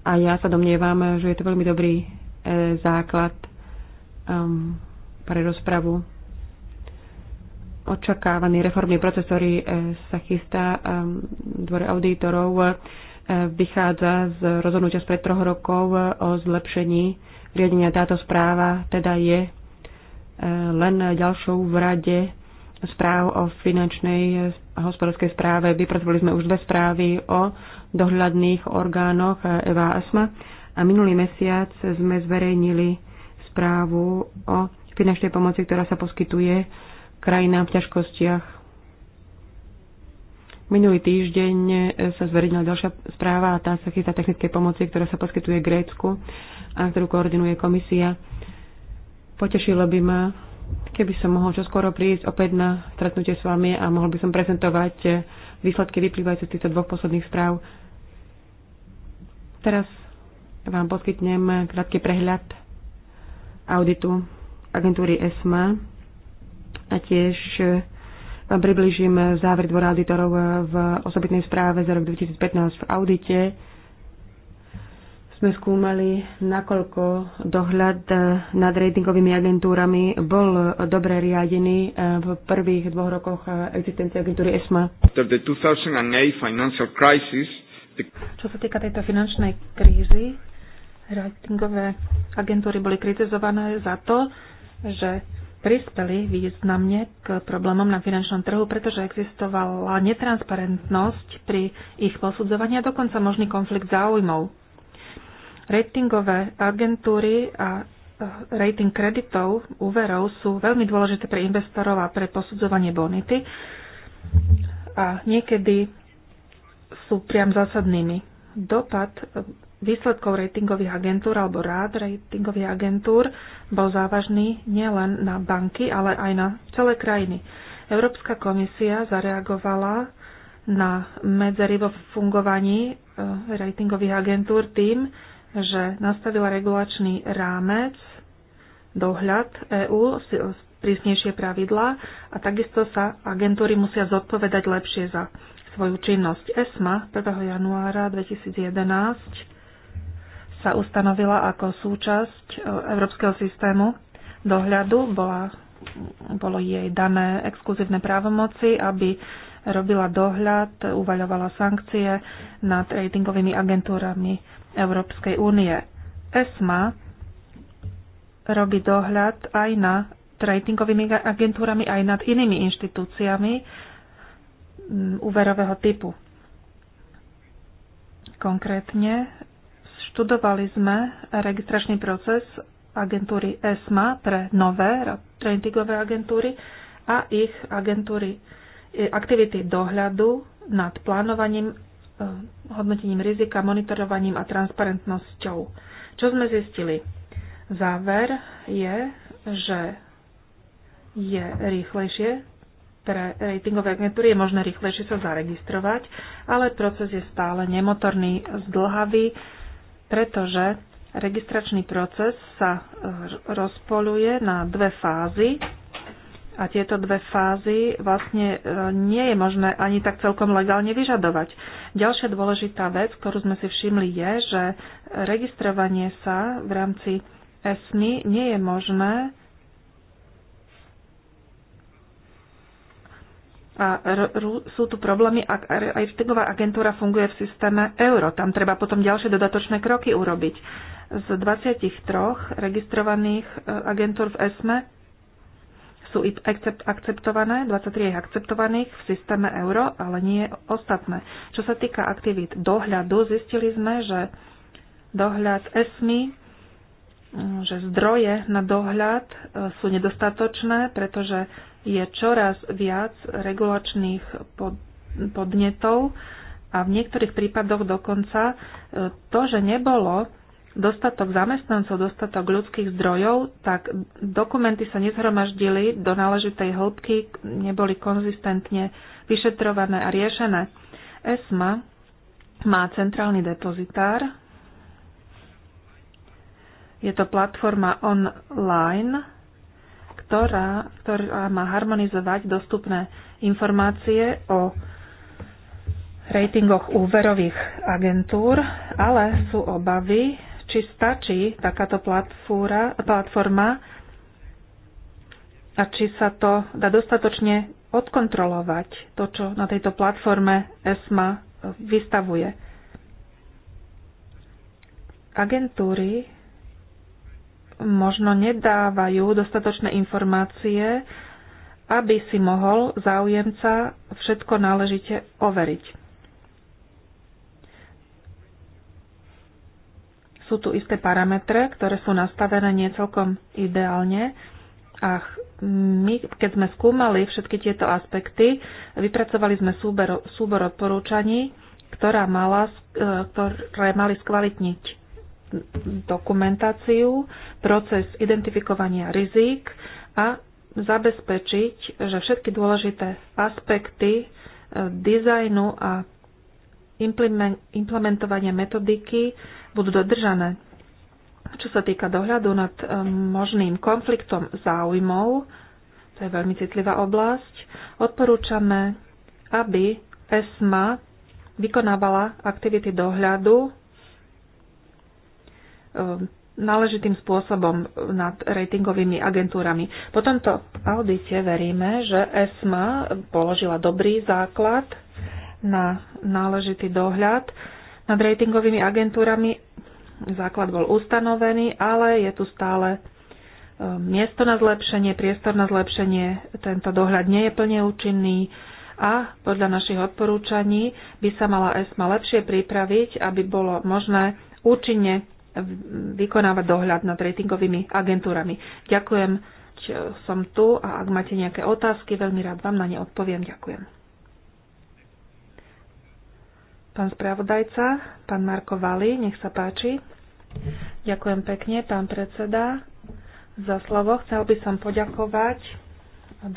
a ja sa domnievam, že je to veľmi dobrý eh, základ um, pre rozpravu. Očakávaný reformný proces, ktorý e, sa chystá e, dvore auditorov, e, vychádza z rozhodnutia spred troch rokov o zlepšení riadenia. Táto správa teda je len ďalšou v rade správ o finančnej a hospodárskej správe. Vypracovali sme už dve správy o dohľadných orgánoch EVA ASMA a minulý mesiac sme zverejnili správu o finančnej pomoci, ktorá sa poskytuje krajinám v ťažkostiach. Minulý týždeň sa zverejnila ďalšia správa a tá sa chystá technickej pomoci, ktorá sa poskytuje Grécku a ktorú koordinuje komisia. Potešilo by ma, keby som mohol čoskoro prísť opäť na stretnutie s vami a mohol by som prezentovať výsledky vyplývajúce z týchto dvoch posledných správ. Teraz vám poskytnem krátky prehľad auditu agentúry ESMA a tiež e, vám približím záver dvora auditorov v osobitnej správe za rok 2015 v audite. Sme skúmali, nakoľko dohľad nad ratingovými agentúrami bol dobre riadený e, v prvých dvoch rokoch e, existencie agentúry ESMA. Crisis, the... Čo sa týka tejto finančnej krízy, ratingové agentúry boli kritizované za to, že prispeli významne k problémom na finančnom trhu, pretože existovala netransparentnosť pri ich posudzovaní a dokonca možný konflikt záujmov. Ratingové agentúry a rating kreditov, úverov sú veľmi dôležité pre investorov a pre posudzovanie bonity a niekedy sú priam zásadnými. Dopad výsledkov ratingových agentúr alebo rád ratingových agentúr bol závažný nielen na banky, ale aj na celé krajiny. Európska komisia zareagovala na medzery vo fungovaní e, ratingových agentúr tým, že nastavila regulačný rámec, dohľad EÚ, prísnejšie pravidlá a takisto sa agentúry musia zodpovedať lepšie za svoju činnosť. ESMA 1. januára 2011 sa ustanovila ako súčasť e, európskeho systému dohľadu. Bola, bolo jej dané exkluzívne právomoci, aby robila dohľad, uvaľovala sankcie nad ratingovými agentúrami Európskej únie. ESMA robí dohľad aj nad ratingovými agentúrami, aj nad inými inštitúciami úverového typu. Konkrétne Študovali sme registračný proces agentúry ESMA pre nové ratingové agentúry a ich agentúry e, aktivity dohľadu nad plánovaním, e, hodnotením rizika, monitorovaním a transparentnosťou. Čo sme zistili? Záver je, že je rýchlejšie pre ratingové agentúry je možné rýchlejšie sa zaregistrovať, ale proces je stále nemotorný, zdlhavý, pretože registračný proces sa eh, rozpoluje na dve fázy a tieto dve fázy vlastne eh, nie je možné ani tak celkom legálne vyžadovať. Ďalšia dôležitá vec, ktorú sme si všimli, je, že registrovanie sa v rámci ESMI nie je možné A sú tu problémy, ak aj ratingová agentúra funguje v systéme euro. Tam treba potom ďalšie dodatočné kroky urobiť. Z 23 registrovaných e, agentúr v ESME sú akceptované, 23 je akceptovaných v systéme euro, ale nie ostatné. Čo sa týka aktivít dohľadu, zistili sme, že dohľad ESMI, že zdroje na dohľad e, sú nedostatočné, pretože je čoraz viac regulačných podnetov a v niektorých prípadoch dokonca e, to, že nebolo dostatok zamestnancov, dostatok ľudských zdrojov, tak dokumenty sa nezhromaždili do náležitej hĺbky, neboli konzistentne vyšetrované a riešené. ESMA má centrálny depozitár. Je to platforma online, ktorá, ktorá má harmonizovať dostupné informácie o ratingoch úverových agentúr, ale sú obavy, či stačí takáto platfúra, platforma a či sa to dá dostatočne odkontrolovať, to, čo na tejto platforme ESMA vystavuje. Agentúry možno nedávajú dostatočné informácie, aby si mohol záujemca všetko náležite overiť. Sú tu isté parametre, ktoré sú nastavené niecelkom ideálne a my, keď sme skúmali všetky tieto aspekty, vypracovali sme súbor, súbor odporúčaní, ktorá mala, e, ktoré mali skvalitniť dokumentáciu, proces identifikovania rizík a zabezpečiť, že všetky dôležité aspekty e, dizajnu a implementovania metodiky budú dodržané. Čo sa týka dohľadu nad e, možným konfliktom záujmov, to je veľmi citlivá oblasť, odporúčame, aby ESMA vykonávala aktivity dohľadu Um, náležitým spôsobom nad ratingovými agentúrami. Po tomto audite veríme, že ESMA položila dobrý základ na náležitý dohľad nad ratingovými agentúrami. Základ bol ustanovený, ale je tu stále um, miesto na zlepšenie, priestor na zlepšenie. Tento dohľad nie je plne účinný a podľa našich odporúčaní by sa mala ESMA lepšie pripraviť, aby bolo možné účinne vykonávať dohľad nad ratingovými agentúrami. Ďakujem, že som tu a ak máte nejaké otázky, veľmi rád vám na ne odpoviem. Ďakujem. Pán spravodajca, pán Marko Vali, nech sa páči. Ďakujem pekne, pán predseda, za slovo. Chcel by som poďakovať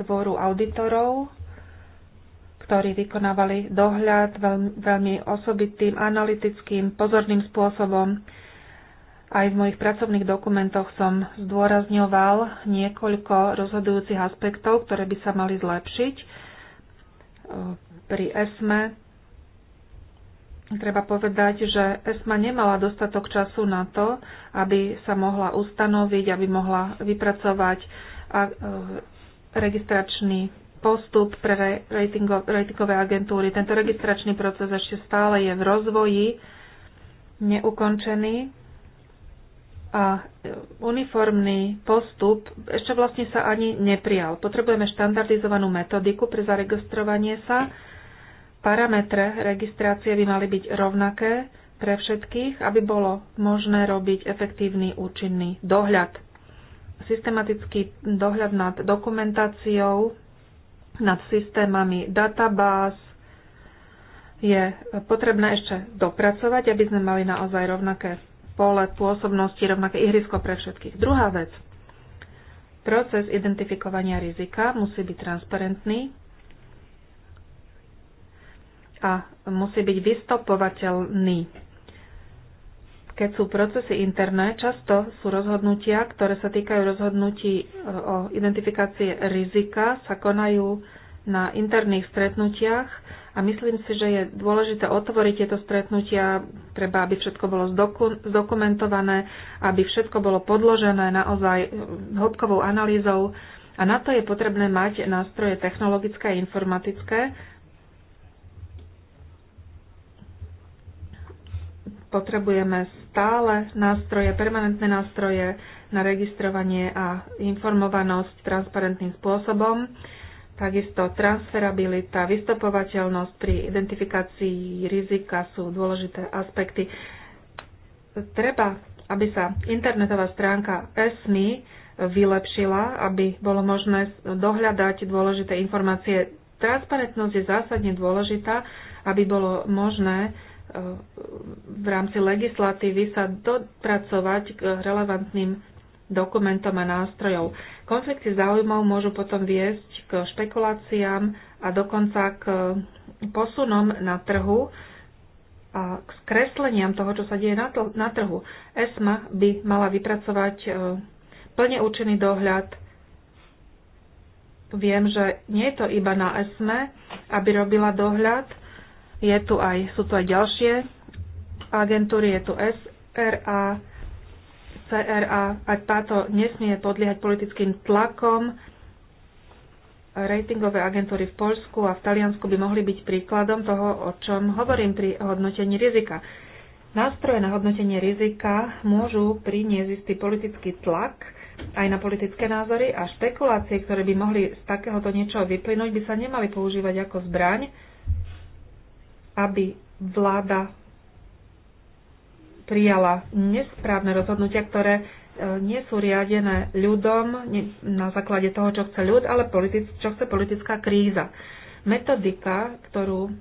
dvoru auditorov, ktorí vykonávali dohľad veľmi osobitým, analytickým, pozorným spôsobom aj v mojich pracovných dokumentoch som zdôrazňoval niekoľko rozhodujúcich aspektov, ktoré by sa mali zlepšiť. E, pri ESME treba povedať, že ESMA nemala dostatok času na to, aby sa mohla ustanoviť, aby mohla vypracovať e, registračný postup pre ratingové agentúry. Tento registračný proces ešte stále je v rozvoji, neukončený a e, uniformný postup ešte vlastne sa ani neprijal. Potrebujeme štandardizovanú metodiku pre zaregistrovanie sa. Parametre registrácie by mali byť rovnaké pre všetkých, aby bolo možné robiť efektívny účinný dohľad. Systematický dohľad nad dokumentáciou, nad systémami databáz, je potrebné ešte dopracovať, aby sme mali naozaj rovnaké pole pôsobnosti rovnaké ihrisko pre všetkých. Druhá vec. Proces identifikovania rizika musí byť transparentný a musí byť vystopovateľný keď sú procesy interné, často sú rozhodnutia, ktoré sa týkajú rozhodnutí e, o identifikácie rizika, sa konajú na interných stretnutiach a myslím si, že je dôležité otvoriť tieto stretnutia, treba, aby všetko bolo zdokumentované, aby všetko bolo podložené naozaj e, hodkovou analýzou a na to je potrebné mať nástroje technologické a informatické. Potrebujeme stále nástroje, permanentné nástroje na registrovanie a informovanosť transparentným spôsobom Takisto transferabilita, vystopovateľnosť pri identifikácii rizika sú dôležité aspekty. Treba, aby sa internetová stránka ESMI vylepšila, aby bolo možné dohľadať dôležité informácie. Transparentnosť je zásadne dôležitá, aby bolo možné e, v rámci legislatívy sa dopracovať k relevantným dokumentom a nástrojov. Konflikty záujmov môžu potom viesť k špekuláciám a dokonca k posunom na trhu a k skresleniam toho, čo sa deje na trhu. ESMA by mala vypracovať e, plne účinný dohľad. Viem, že nie je to iba na ESME, aby robila dohľad. Je tu aj, sú tu aj ďalšie agentúry, je tu SRA, CRA aj táto nesmie podliehať politickým tlakom. Ratingové agentúry v Polsku a v Taliansku by mohli byť príkladom toho, o čom hovorím pri hodnotení rizika. Nástroje na hodnotenie rizika môžu priniesť istý politický tlak aj na politické názory a špekulácie, ktoré by mohli z takéhoto niečoho vyplynúť, by sa nemali používať ako zbraň, aby vláda prijala nesprávne rozhodnutia, ktoré e, nie sú riadené ľudom na základe toho, čo chce ľud, ale politic, čo chce politická kríza. Metodika, ktorú e,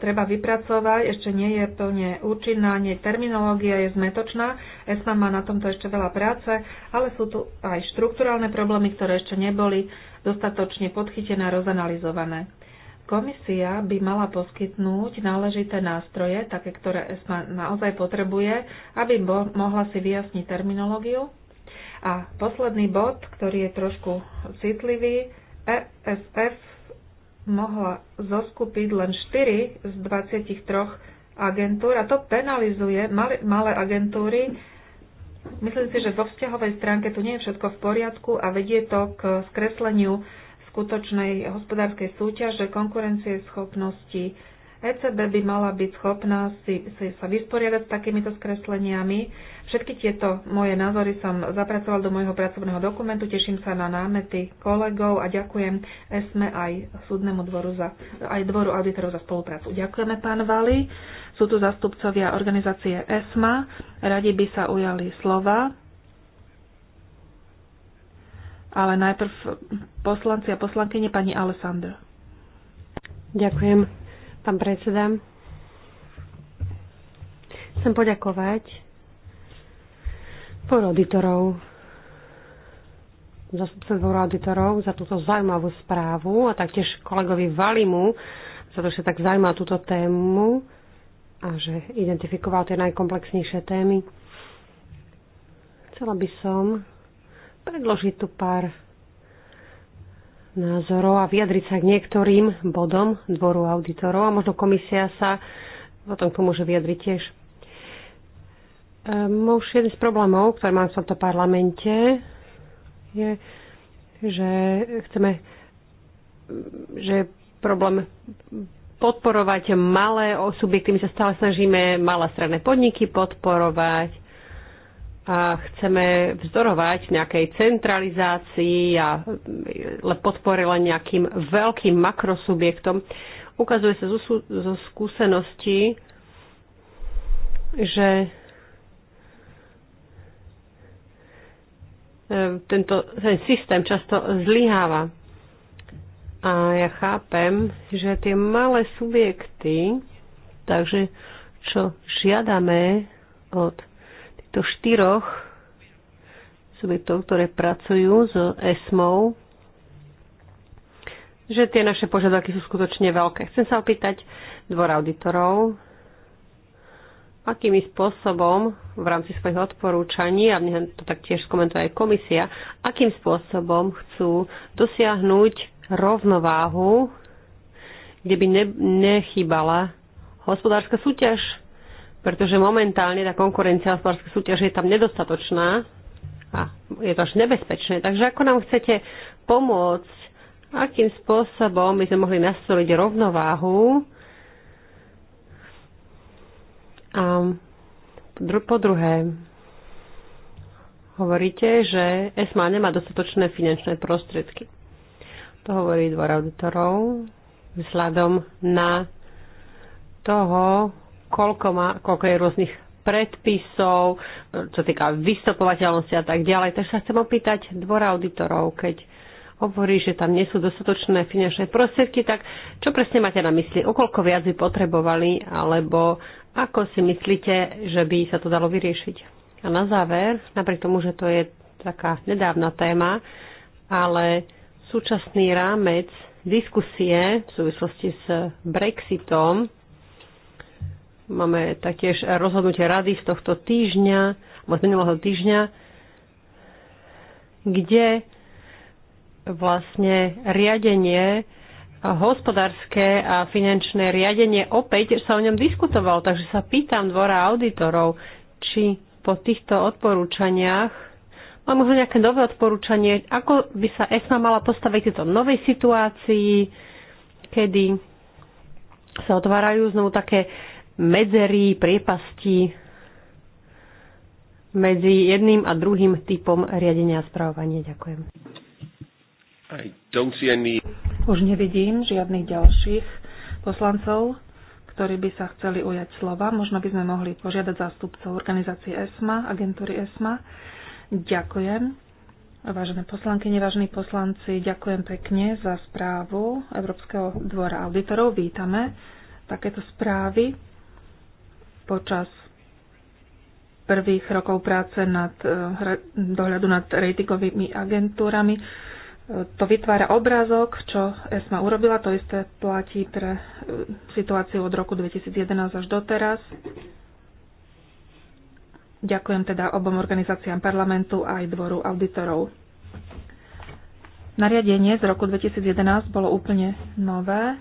treba vypracovať, ešte nie je plne účinná, nie terminológia je zmetočná, ESMA má na tomto ešte veľa práce, ale sú tu aj štrukturálne problémy, ktoré ešte neboli dostatočne podchytené a rozanalizované. Komisia by mala poskytnúť náležité nástroje, také, ktoré ESMA naozaj potrebuje, aby mohla si vyjasniť terminológiu. A posledný bod, ktorý je trošku citlivý, ESF mohla zoskupiť len 4 z 23 agentúr a to penalizuje malé agentúry. Myslím si, že vo vzťahovej stránke tu nie je všetko v poriadku a vedie to k skresleniu skutočnej hospodárskej súťaže, konkurencie schopnosti. ECB by mala byť schopná si, si sa vysporiadať s takýmito skresleniami. Všetky tieto moje názory som zapracoval do môjho pracovného dokumentu. Teším sa na námety kolegov a ďakujem ESME e aj súdnemu dvoru za, aj dvoru auditorov za spoluprácu. Ďakujeme, pán Vali. Sú tu zastupcovia organizácie ESMA. Radi by sa ujali slova ale najprv poslanci a poslankyne pani Alessandra. Ďakujem, pán predseda. Chcem poďakovať por auditorov, zastupcom dvoru auditorov za túto zaujímavú správu a taktiež kolegovi Valimu za to, že tak zaujíma túto tému a že identifikoval tie najkomplexnejšie témy. Chcela by som predložiť tu pár názorov a vyjadriť sa k niektorým bodom dvoru auditorov a možno komisia sa o tom tomu môže vyjadriť tiež. Um, ehm, už jeden z problémov, ktoré mám v tomto parlamente, je, že chceme, že problém podporovať malé subjekty. My sa stále snažíme malé stredné podniky podporovať, a chceme vzdorovať nejakej centralizácii a podpore len nejakým veľkým makrosubjektom. Ukazuje sa zo, zo skúseností, že e, tento ten systém často zlyháva. A ja chápem, že tie malé subjekty, takže čo žiadame od týchto štyroch subjektov, ktoré pracujú s ESMou, že tie naše požiadavky sú skutočne veľké. Chcem sa opýtať dvor auditorov, akými spôsobom v rámci svojich odporúčaní, a mne to taktiež skomentuje aj komisia, akým spôsobom chcú dosiahnuť rovnováhu, kde by ne, nechýbala hospodárska súťaž pretože momentálne tá konkurencia hospodárskej súťaže je tam nedostatočná a je to až nebezpečné. Takže ako nám chcete pomôcť, akým spôsobom by sme mohli nastoliť rovnováhu a po druhé, hovoríte, že ESMA nemá dostatočné finančné prostriedky. To hovorí dvor auditorov vzhľadom na toho, koľko, má, koľko je rôznych predpisov, čo týka vystupovateľnosti a tak ďalej. Takže sa chcem opýtať dvora auditorov, keď hovorí, že tam nie sú dostatočné finančné prostriedky, tak čo presne máte na mysli? o koľko viac by potrebovali, alebo ako si myslíte, že by sa to dalo vyriešiť? A na záver, napriek tomu, že to je taká nedávna téma, ale súčasný rámec diskusie v súvislosti s Brexitom Máme taktiež rozhodnutie rady z tohto týždňa, alebo z minulého týždňa, kde vlastne riadenie, hospodárske a finančné riadenie opäť sa o ňom diskutovalo. Takže sa pýtam dvora auditorov, či po týchto odporúčaniach Mám možno nejaké nové odporúčanie, ako by sa ESMA mala postaviť tejto novej situácii, kedy sa otvárajú znovu také medzery, priepasti medzi jedným a druhým typom riadenia a správovania. Ďakujem. I don't see any... Už nevidím žiadnych ďalších poslancov, ktorí by sa chceli ujať slova. Možno by sme mohli požiadať zástupcov organizácie ESMA, agentúry ESMA. Ďakujem. Vážené poslanky, vážení poslanci, ďakujem pekne za správu Európskeho dvora auditorov. Vítame takéto správy počas prvých rokov práce nad eh, dohľadu nad ratingovými agentúrami. Eh, to vytvára obrázok, čo ESMA urobila. To isté platí pre eh, situáciu od roku 2011 až doteraz. Ďakujem teda obom organizáciám parlamentu a aj dvoru auditorov. Nariadenie z roku 2011 bolo úplne nové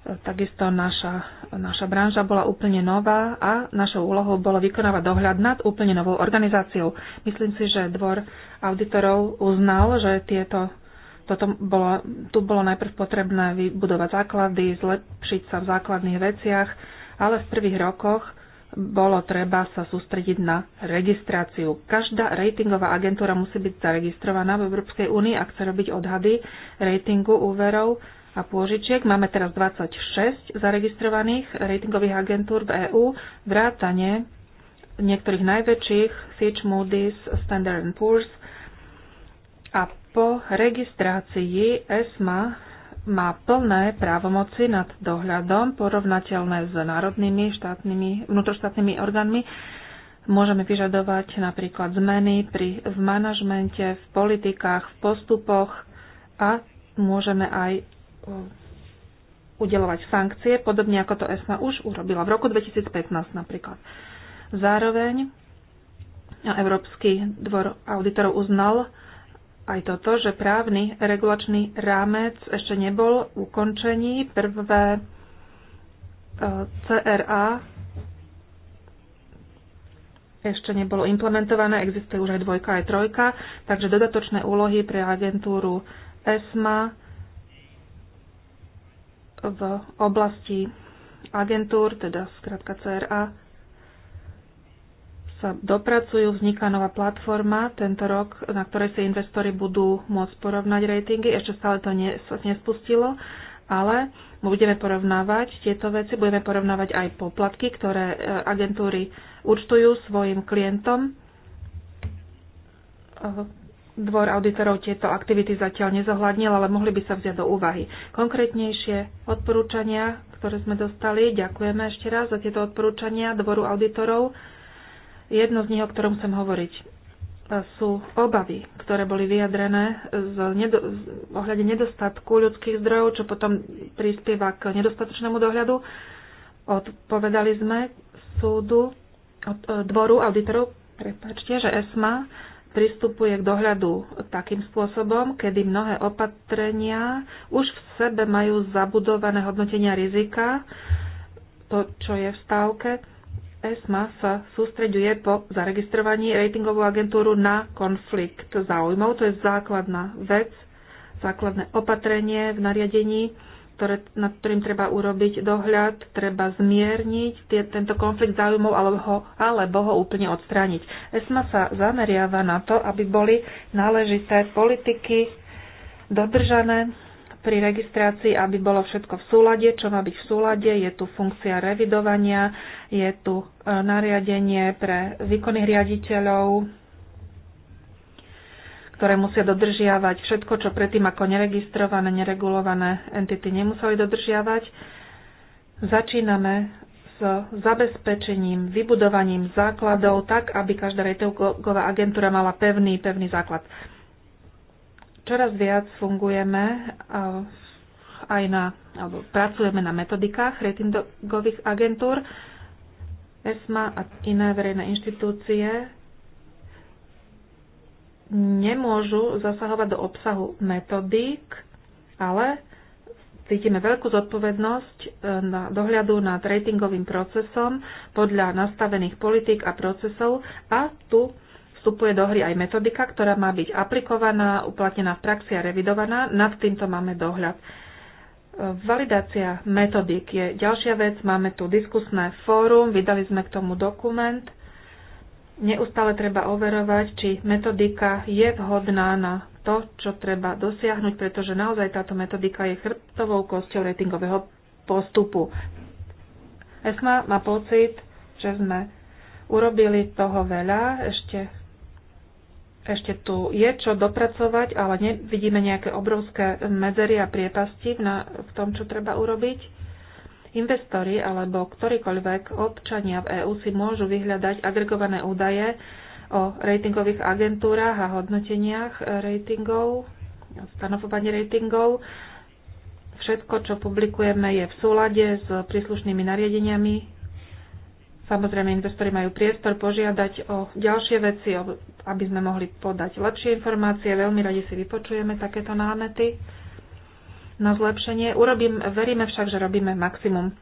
Takisto naša, naša branža bola úplne nová a našou úlohou bolo vykonávať dohľad nad úplne novou organizáciou. Myslím si, že dvor auditorov uznal, že tieto, toto bolo, tu bolo najprv potrebné vybudovať základy, zlepšiť sa v základných veciach, ale v prvých rokoch bolo treba sa sústrediť na registráciu. Každá ratingová agentúra musí byť zaregistrovaná v Európskej únii, ak chce robiť odhady ratingu úverov a pôžičiek. Máme teraz 26 zaregistrovaných ratingových agentúr v EÚ, vrátane niektorých najväčších, Fitch, Moody's, Standard Poor's. A po registrácii ESMA má plné právomoci nad dohľadom, porovnateľné s národnými štátnymi, vnútroštátnymi orgánmi. Môžeme vyžadovať napríklad zmeny pri, v manažmente, v politikách, v postupoch a môžeme aj udelovať sankcie, podobne ako to ESMA už urobila v roku 2015 napríklad. Zároveň Európsky dvor auditorov uznal aj toto, že právny regulačný rámec ešte nebol ukončený. Prvé e, CRA ešte nebolo implementované, existuje už aj dvojka aj trojka, takže dodatočné úlohy pre agentúru ESMA v oblasti agentúr, teda skratka CRA, sa dopracujú, vzniká nová platforma tento rok, na ktorej sa investori budú môcť porovnať ratingy. Ešte stále to ne, sa nespustilo, ale budeme porovnávať tieto veci, budeme porovnávať aj poplatky, ktoré e, agentúry účtujú svojim klientom e, Dvor auditorov tieto aktivity zatiaľ nezohľadnil, ale mohli by sa vziať do úvahy. Konkrétnejšie odporúčania, ktoré sme dostali, ďakujeme ešte raz za tieto odporúčania Dvoru auditorov. Jedno z nich, o ktorom chcem hovoriť, sú obavy, ktoré boli vyjadrené z nedo- z ohľade nedostatku ľudských zdrojov, čo potom prispieva k nedostatočnému dohľadu. Odpovedali sme súdu, dvoru auditorov, prepačte, že ESMA pristupuje k dohľadu takým spôsobom, kedy mnohé opatrenia už v sebe majú zabudované hodnotenia rizika, to, čo je v stávke. ESMA sa sústreďuje po zaregistrovaní ratingovú agentúru na konflikt záujmov. To je základná vec, základné opatrenie v nariadení ktoré, nad ktorým treba urobiť dohľad, treba zmierniť tie, tento konflikt záujmov alebo ho, alebo ho úplne odstrániť. ESMA sa zameriava na to, aby boli náležité politiky dodržané pri registrácii, aby bolo všetko v súlade, čo má byť v súlade, je tu funkcia revidovania, je tu e, nariadenie pre výkonných riaditeľov, ktoré musia dodržiavať všetko, čo predtým ako neregistrované, neregulované entity nemuseli dodržiavať. Začíname s zabezpečením, vybudovaním základov tak, aby každá ratingová agentúra mala pevný, pevný základ. Čoraz viac fungujeme eh, aj na, alebo pracujeme na metodikách ratingových agentúr. ESMA a iné verejné inštitúcie nemôžu zasahovať do obsahu metodík, ale cítime veľkú zodpovednosť e, na dohľadu nad ratingovým procesom podľa nastavených politík a procesov a tu vstupuje do hry aj metodika, ktorá má byť aplikovaná, uplatnená v praxi a revidovaná. Nad týmto máme dohľad. E, validácia metodik je ďalšia vec. Máme tu diskusné fórum, vydali sme k tomu dokument Neustále treba overovať, či metodika je vhodná na to, čo treba dosiahnuť, pretože naozaj táto metodika je chrbtovou kosťou ratingového postupu. ESMA má pocit, že sme urobili toho veľa, ešte, ešte tu je čo dopracovať, ale nevidíme nejaké obrovské medzery a priepasti v, na, v tom, čo treba urobiť. Investori alebo ktorýkoľvek občania v EÚ si môžu vyhľadať agregované údaje o ratingových agentúrach a hodnoteniach ratingov, stanovovaní ratingov. Všetko, čo publikujeme, je v súlade s príslušnými nariadeniami. Samozrejme, investori majú priestor požiadať o ďalšie veci, aby sme mohli podať lepšie informácie. Veľmi radi si vypočujeme takéto námety na zlepšenie. Urobím, veríme však, že robíme maximum.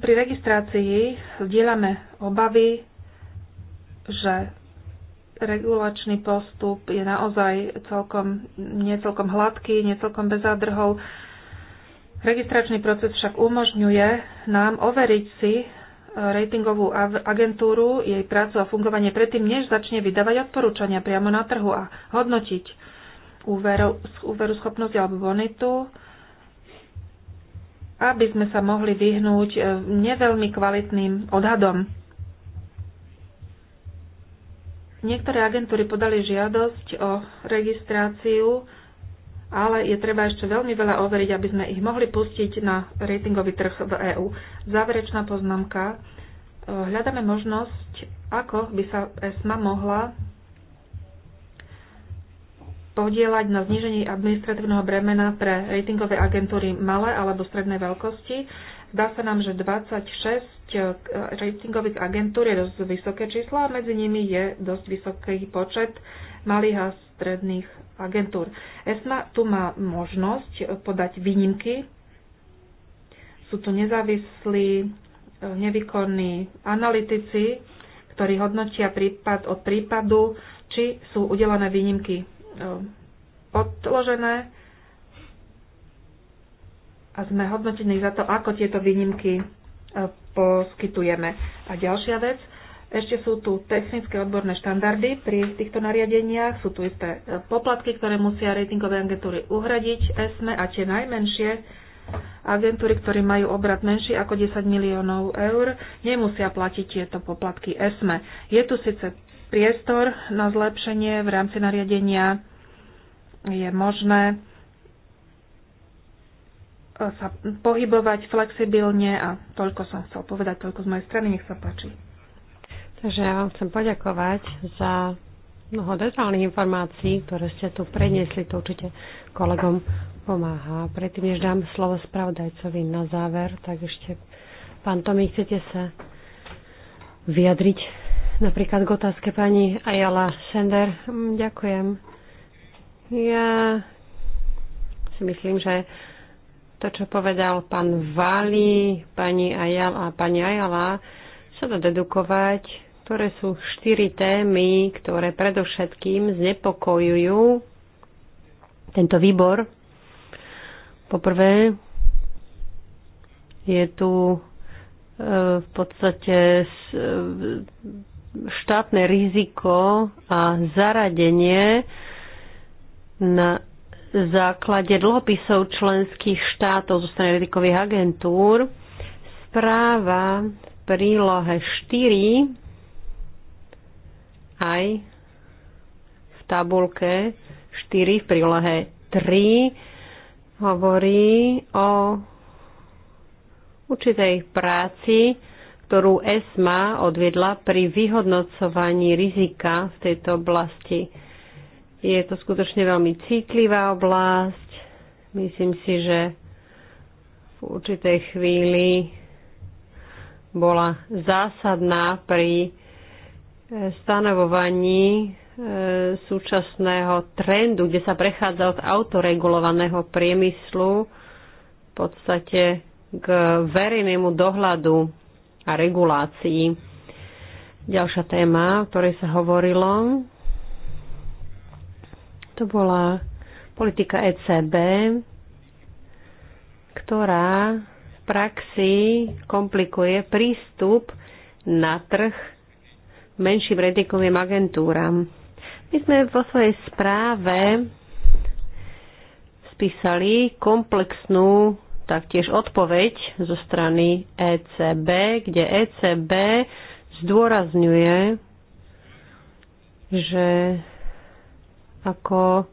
Pri registrácii zdieľame obavy, že regulačný postup je naozaj celkom, nie celkom hladký, nie celkom bez zádrhov. Registračný proces však umožňuje nám overiť si e, ratingovú agentúru, jej prácu a fungovanie predtým, než začne vydávať odporúčania priamo na trhu a hodnotiť úveru, schopnosť alebo bonitu, aby sme sa mohli vyhnúť e, neveľmi kvalitným odhadom. Niektoré agentúry podali žiadosť o registráciu, ale je treba ešte veľmi veľa overiť, aby sme ich mohli pustiť na ratingový trh v EÚ. Záverečná poznámka. E, hľadáme možnosť, ako by sa ESMA mohla podielať na znížení administratívneho bremena pre ratingové agentúry malé alebo strednej veľkosti. Zdá sa nám, že 26 eh, ratingových agentúr je dosť vysoké číslo a medzi nimi je dosť vysoký počet malých a stredných agentúr. ESMA tu má možnosť eh, podať výnimky. Sú tu nezávislí, eh, nevykonní analytici, ktorí hodnotia prípad od prípadu, či sú udelené výnimky podložené eh, a sme hodnotení za to, ako tieto výnimky eh, poskytujeme. A ďalšia vec, ešte sú tu technické odborné štandardy pri týchto nariadeniach, sú tu isté eh, poplatky, ktoré musia ratingové agentúry uhradiť ESME a tie najmenšie agentúry, ktoré majú obrat menší ako 10 miliónov eur, nemusia platiť tieto poplatky ESME. Je tu síce priestor na zlepšenie v rámci nariadenia. Je možné sa pohybovať flexibilne a toľko som chcel povedať, toľko z mojej strany, nech sa páči. Takže ja vám chcem poďakovať za mnoho detálnych informácií, ktoré ste tu predniesli, to určite kolegom pomáha. Predtým, než dám slovo spravodajcovi na záver, tak ešte, pán Tomi, chcete sa vyjadriť napríklad k otázke pani Ayala Sender. Ďakujem. Ja si myslím, že to, čo povedal pán Vali, pani Ayala a pani Ayala, sa dá dedukovať, ktoré sú štyri témy, ktoré predovšetkým znepokojujú tento výbor. Poprvé, je tu e, v podstate e, štátne riziko a zaradenie na základe dlhopisov členských štátov zo strany rizikových agentúr. Správa v prílohe 4 aj v tabulke 4 v prílohe 3 hovorí o určitej práci ktorú ESMA odviedla pri vyhodnocovaní rizika v tejto oblasti. Je to skutočne veľmi citlivá oblasť. Myslím si, že v určitej chvíli bola zásadná pri e, stanovovaní e, súčasného trendu, kde sa prechádza od autoregulovaného priemyslu v podstate k verejnému dohľadu a regulácií. Ďalšia téma, o ktorej sa hovorilo, to bola politika ECB, ktorá v praxi komplikuje prístup na trh menším redikovým agentúram. My sme vo svojej správe spísali komplexnú taktiež odpoveď zo strany ECB, kde ECB zdôrazňuje, že ako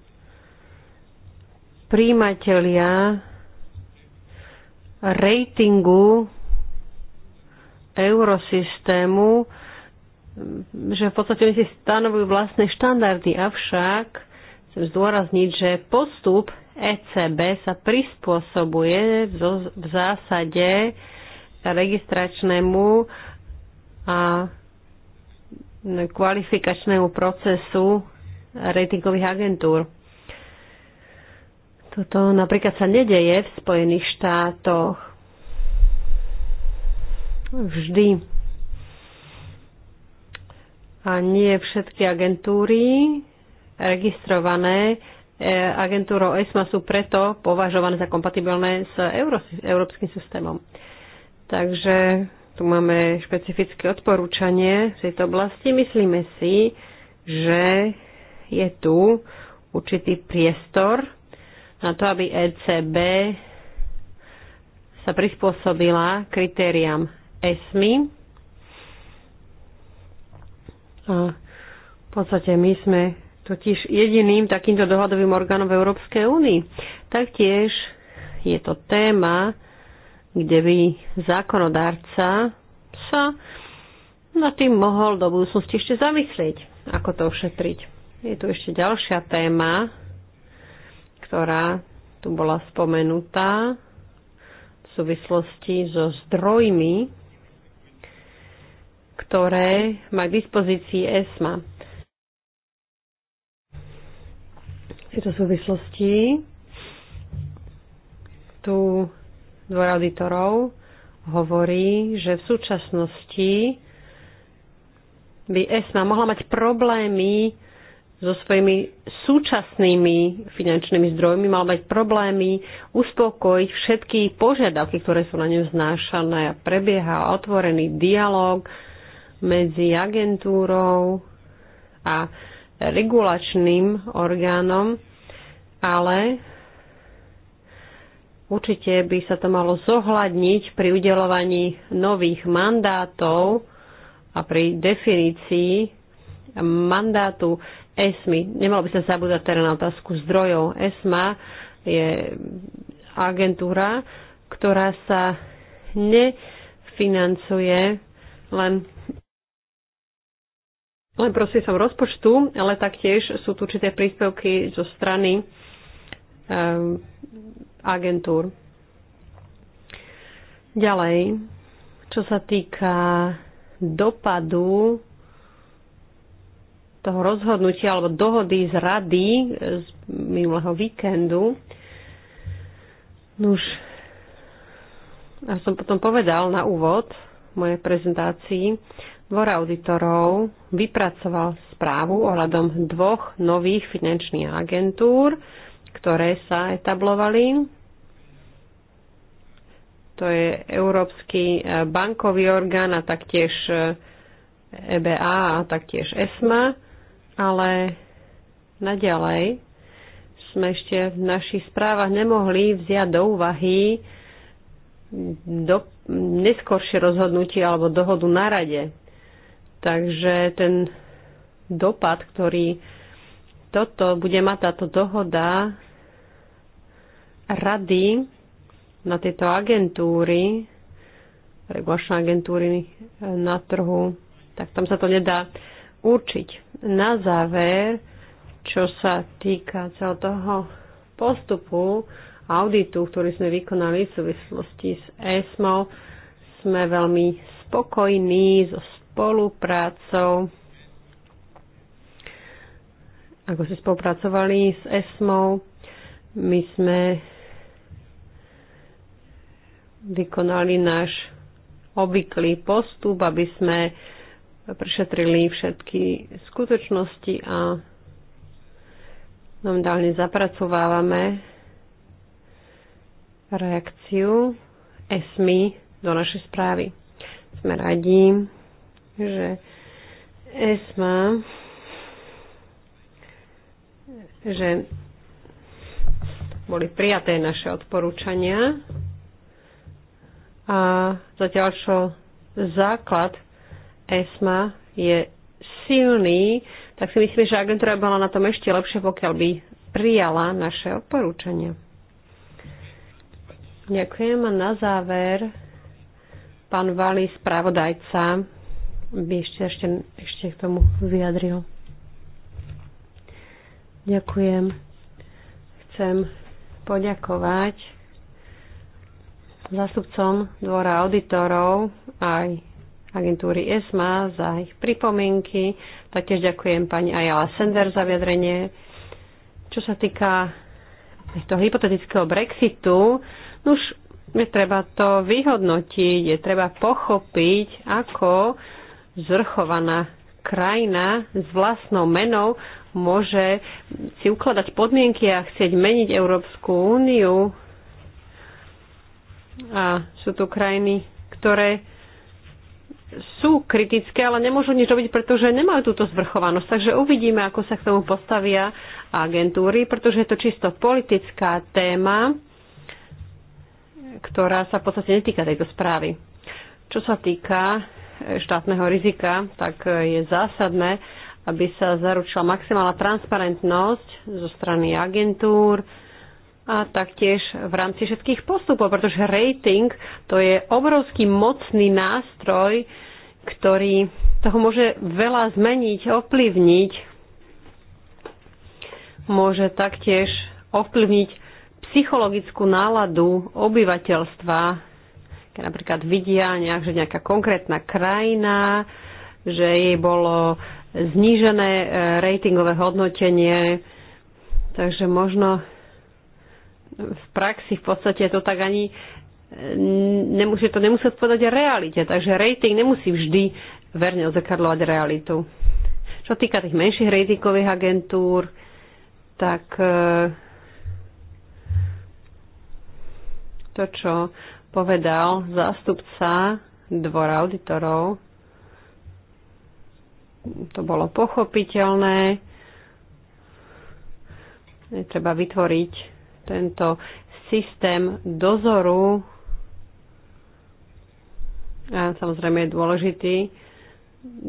príjmatelia ratingu eurosystému, že v podstate oni si stanovujú vlastné štandardy, avšak chcem zdôrazniť, že postup ECB sa prispôsobuje v zásade registračnému a kvalifikačnému procesu ratingových agentúr. Toto napríklad sa nedeje v Spojených štátoch. Vždy. A nie všetky agentúry registrované E, agentúrou ESMA sú preto považované za kompatibilné s euro, európskym systémom. Takže tu máme špecifické odporúčanie v tejto oblasti. Myslíme si, že je tu určitý priestor na to, aby ECB sa prispôsobila kritériám ESMI. A v podstate my sme totiž jediným takýmto dohľadovým orgánom v Európskej únii. Taktiež je to téma, kde by zákonodárca sa na tým mohol do budúcnosti ešte zamyslieť, ako to ošetriť. Je tu ešte ďalšia téma, ktorá tu bola spomenutá v súvislosti so zdrojmi, ktoré má k dispozícii ESMA. tejto súvislosti tu dvoj auditorov hovorí, že v súčasnosti by ESMA mohla mať problémy so svojimi súčasnými finančnými zdrojmi, mala mať problémy uspokojiť všetky požiadavky, ktoré sú na ňu znášané. Prebieha otvorený dialog medzi agentúrou a regulačným orgánom, ale určite by sa to malo zohľadniť pri udelovaní nových mandátov a pri definícii mandátu ESMI. Nemalo by sa zabúdať teda na otázku zdrojov. ESMA je agentúra, ktorá sa nefinancuje len len prostredstvom rozpočtu, ale taktiež sú tu určité príspevky zo strany um, agentúr. Ďalej, čo sa týka dopadu toho rozhodnutia alebo dohody z rady z minulého víkendu, no už ja som potom povedal na úvod mojej prezentácii, Dvor auditorov vypracoval správu ohľadom dvoch nových finančných agentúr, ktoré sa etablovali. To je Európsky e, bankový orgán a taktiež EBA e a taktiež ESMA, ale naďalej sme ešte v našich správach nemohli vziať do úvahy do, neskoršie rozhodnutie alebo dohodu na rade. Takže ten dopad, ktorý toto bude mať táto dohoda rady na tieto agentúry, regulačné agentúry na trhu, tak tam sa to nedá určiť. Na záver, čo sa týka celého toho postupu auditu, ktorý sme vykonali v súvislosti s ESMO, sme veľmi spokojní so spoluprácou, ako ste spolupracovali s ESMou. My sme vykonali náš obvyklý postup, aby sme prešetrili všetky skutočnosti a momentálne zapracovávame reakciu ESMI do našej správy. Sme radí, že ESMA, že boli prijaté naše odporúčania a zatiaľ čo základ ESMA je silný, tak si myslím, že agentúra bola na tom ešte lepšie, pokiaľ by prijala naše odporúčania. Ďakujem a na záver pán Vali, spravodajca by ešte, ešte, ešte k tomu vyjadril. Ďakujem. Chcem poďakovať zástupcom dvora auditorov aj agentúry ESMA za ich pripomienky. Taktiež ďakujem pani Ayala Sender za vyjadrenie. Čo sa týka toho hypotetického Brexitu, no už je treba to vyhodnotiť, je treba pochopiť, ako zrchovaná krajina s vlastnou menou môže si ukladať podmienky a chcieť meniť Európsku úniu. A sú tu krajiny, ktoré sú kritické, ale nemôžu nič robiť, pretože nemajú túto zvrchovanosť. Takže uvidíme, ako sa k tomu postavia agentúry, pretože je to čisto politická téma, ktorá sa v podstate netýka tejto správy. Čo sa týka štátneho rizika, tak e, je zásadné, aby sa zaručila maximálna transparentnosť zo strany agentúr a taktiež v rámci všetkých postupov, pretože rating to je obrovský mocný nástroj, ktorý toho môže veľa zmeniť, ovplyvniť. Môže taktiež ovplyvniť psychologickú náladu obyvateľstva keď napríklad vidia nejak, že nejaká konkrétna krajina, že jej bolo znížené e, ratingové hodnotenie, takže možno v praxi v podstate to tak ani e, nemusí, to nemusí odpovedať realite, takže rating nemusí vždy verne odzakadľovať realitu. Čo týka tých menších ratingových agentúr, tak e, to, čo povedal zástupca dvora auditorov. To bolo pochopiteľné. Treba vytvoriť tento systém dozoru. A samozrejme je dôležitý,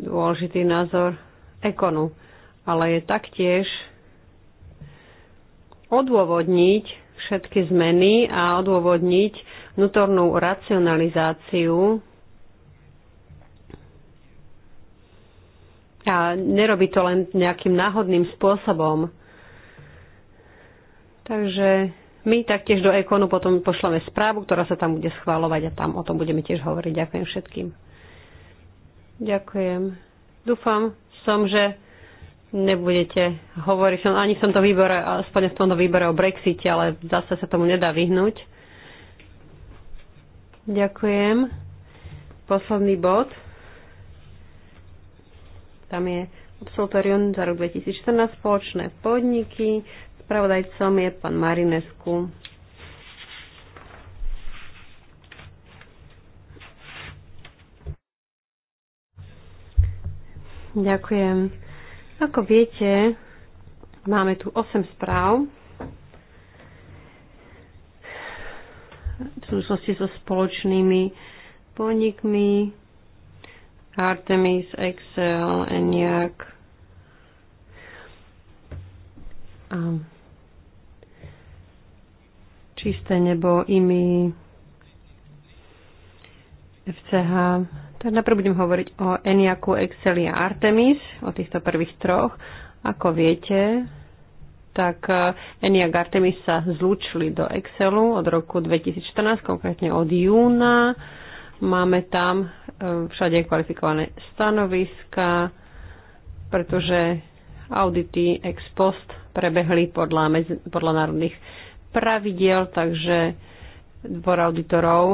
dôležitý názor ekonu. Ale je taktiež odôvodniť všetky zmeny a odôvodniť vnútornú racionalizáciu a nerobí to len nejakým náhodným spôsobom. Takže my taktiež do Ekonu potom pošleme správu, ktorá sa tam bude schváľovať a tam o tom budeme tiež hovoriť. Ďakujem všetkým. Ďakujem. Dúfam som, že nebudete hovoriť, ani som to výbore, aspoň v tomto výbore o Brexite, ale zase sa tomu nedá vyhnúť. Ďakujem. Posledný bod. Tam je absolutorium za rok 2014 spoločné podniky. Spravodajcom je pán Marinesku. Ďakujem. Ako viete, máme tu 8 správ v súvislosti so spoločnými podnikmi Artemis, Excel, ENIAC. A čisté nebo, IMI, FCH. Tak najprv budem hovoriť o ENIACu, Exceli a Artemis, o týchto prvých troch. Ako viete, tak e, ENIAC Artemis sa zlúčili do Excelu od roku 2014, konkrétne od júna. Máme tam e, všade kvalifikované stanoviska, pretože audity ex post prebehli podľa, medzi, podľa národných pravidel, takže dvor auditorov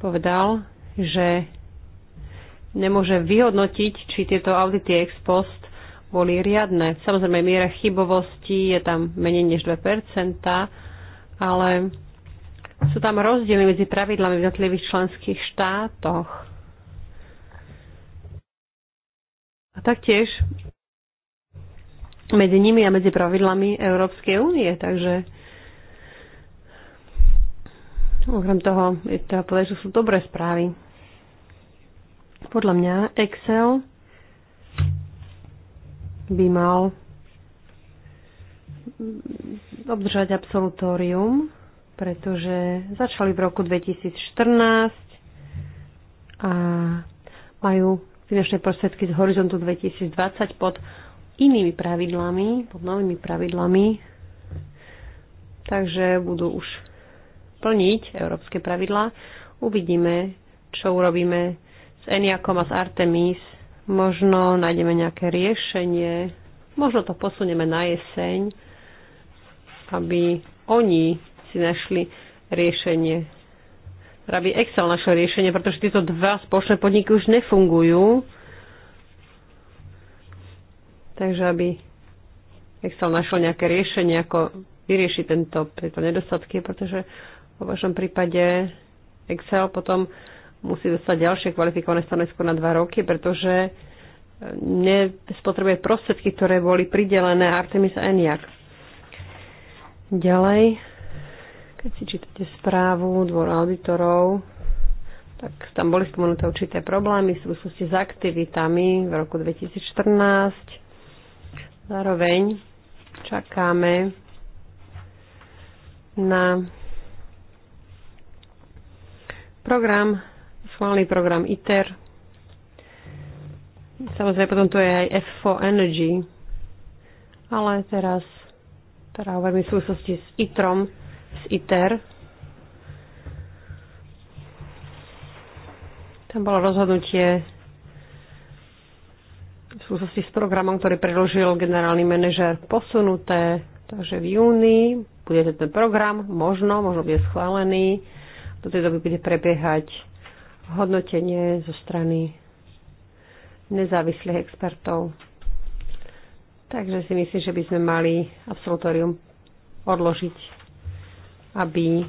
povedal, že nemôže vyhodnotiť, či tieto audity ex post boli riadne. Samozrejme, miera chybovosti je tam menej než 2%, ale sú tam rozdiely medzi pravidlami v jednotlivých členských štátoch. A taktiež medzi nimi a medzi pravidlami Európskej únie. Takže okrem toho je to, povedať, že sú dobré správy. Podľa mňa Excel by mal obdržať absolutórium, pretože začali v roku 2014 a majú finančné prostriedky z horizontu 2020 pod inými pravidlami, pod novými pravidlami, takže budú už plniť európske pravidlá. Uvidíme, čo urobíme s Eniakom a s Artemis Možno nájdeme nejaké riešenie, možno to posunieme na jeseň, aby oni si našli riešenie. Aby Excel našiel riešenie, pretože tieto dva spoločné podniky už nefungujú. Takže aby Excel našiel nejaké riešenie, ako vyriešiť tento, tieto nedostatky, pretože v vašom prípade Excel potom musí dostať ďalšie kvalifikované stanovisko na dva roky, pretože e, nespotrebuje prostriedky, ktoré boli pridelené Artemis a Eniak. Ďalej, keď si čítate správu dvor auditorov, tak tam boli spomenuté určité problémy v súvislosti s aktivitami v roku 2014. Zároveň čakáme na program schválený program ITER. Samozrejme, potom tu je aj F4 Energy. Ale teraz, teda hovorím v súvislosti s ITROM, s ITER. Tam bolo rozhodnutie v súvislosti s programom, ktorý predložil generálny manažer posunuté, takže v júni bude ten program, možno, možno bude schválený. Do tej doby bude prebiehať hodnotenie zo strany nezávislých expertov. Takže si myslím, že by sme mali absolutórium odložiť, aby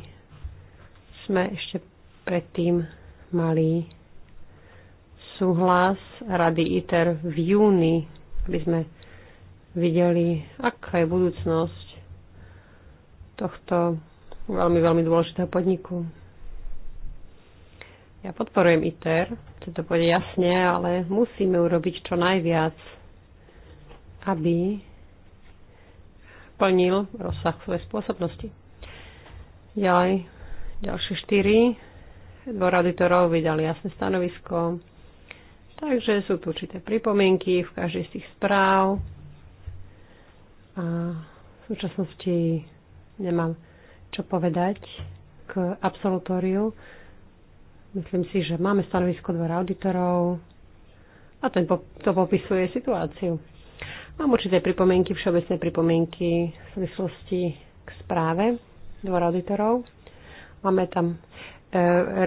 sme ešte predtým mali súhlas Rady ITER v júni, aby sme videli, aká je budúcnosť tohto veľmi, veľmi dôležitého podniku. Ja podporujem ITER, chcem to povedať jasne, ale musíme urobiť čo najviac, aby plnil rozsah svojej spôsobnosti. Ďalej, ďalšie štyri. Dvor auditorov vydali jasné stanovisko. Takže sú tu určité pripomienky v každej z tých správ. A v súčasnosti nemám čo povedať k absolutóriu Myslím si, že máme stanovisko dvora auditorov a ten po, to popisuje situáciu. Mám určité pripomienky, všeobecné pripomienky v súvislosti k správe dvora auditorov. Máme tam e,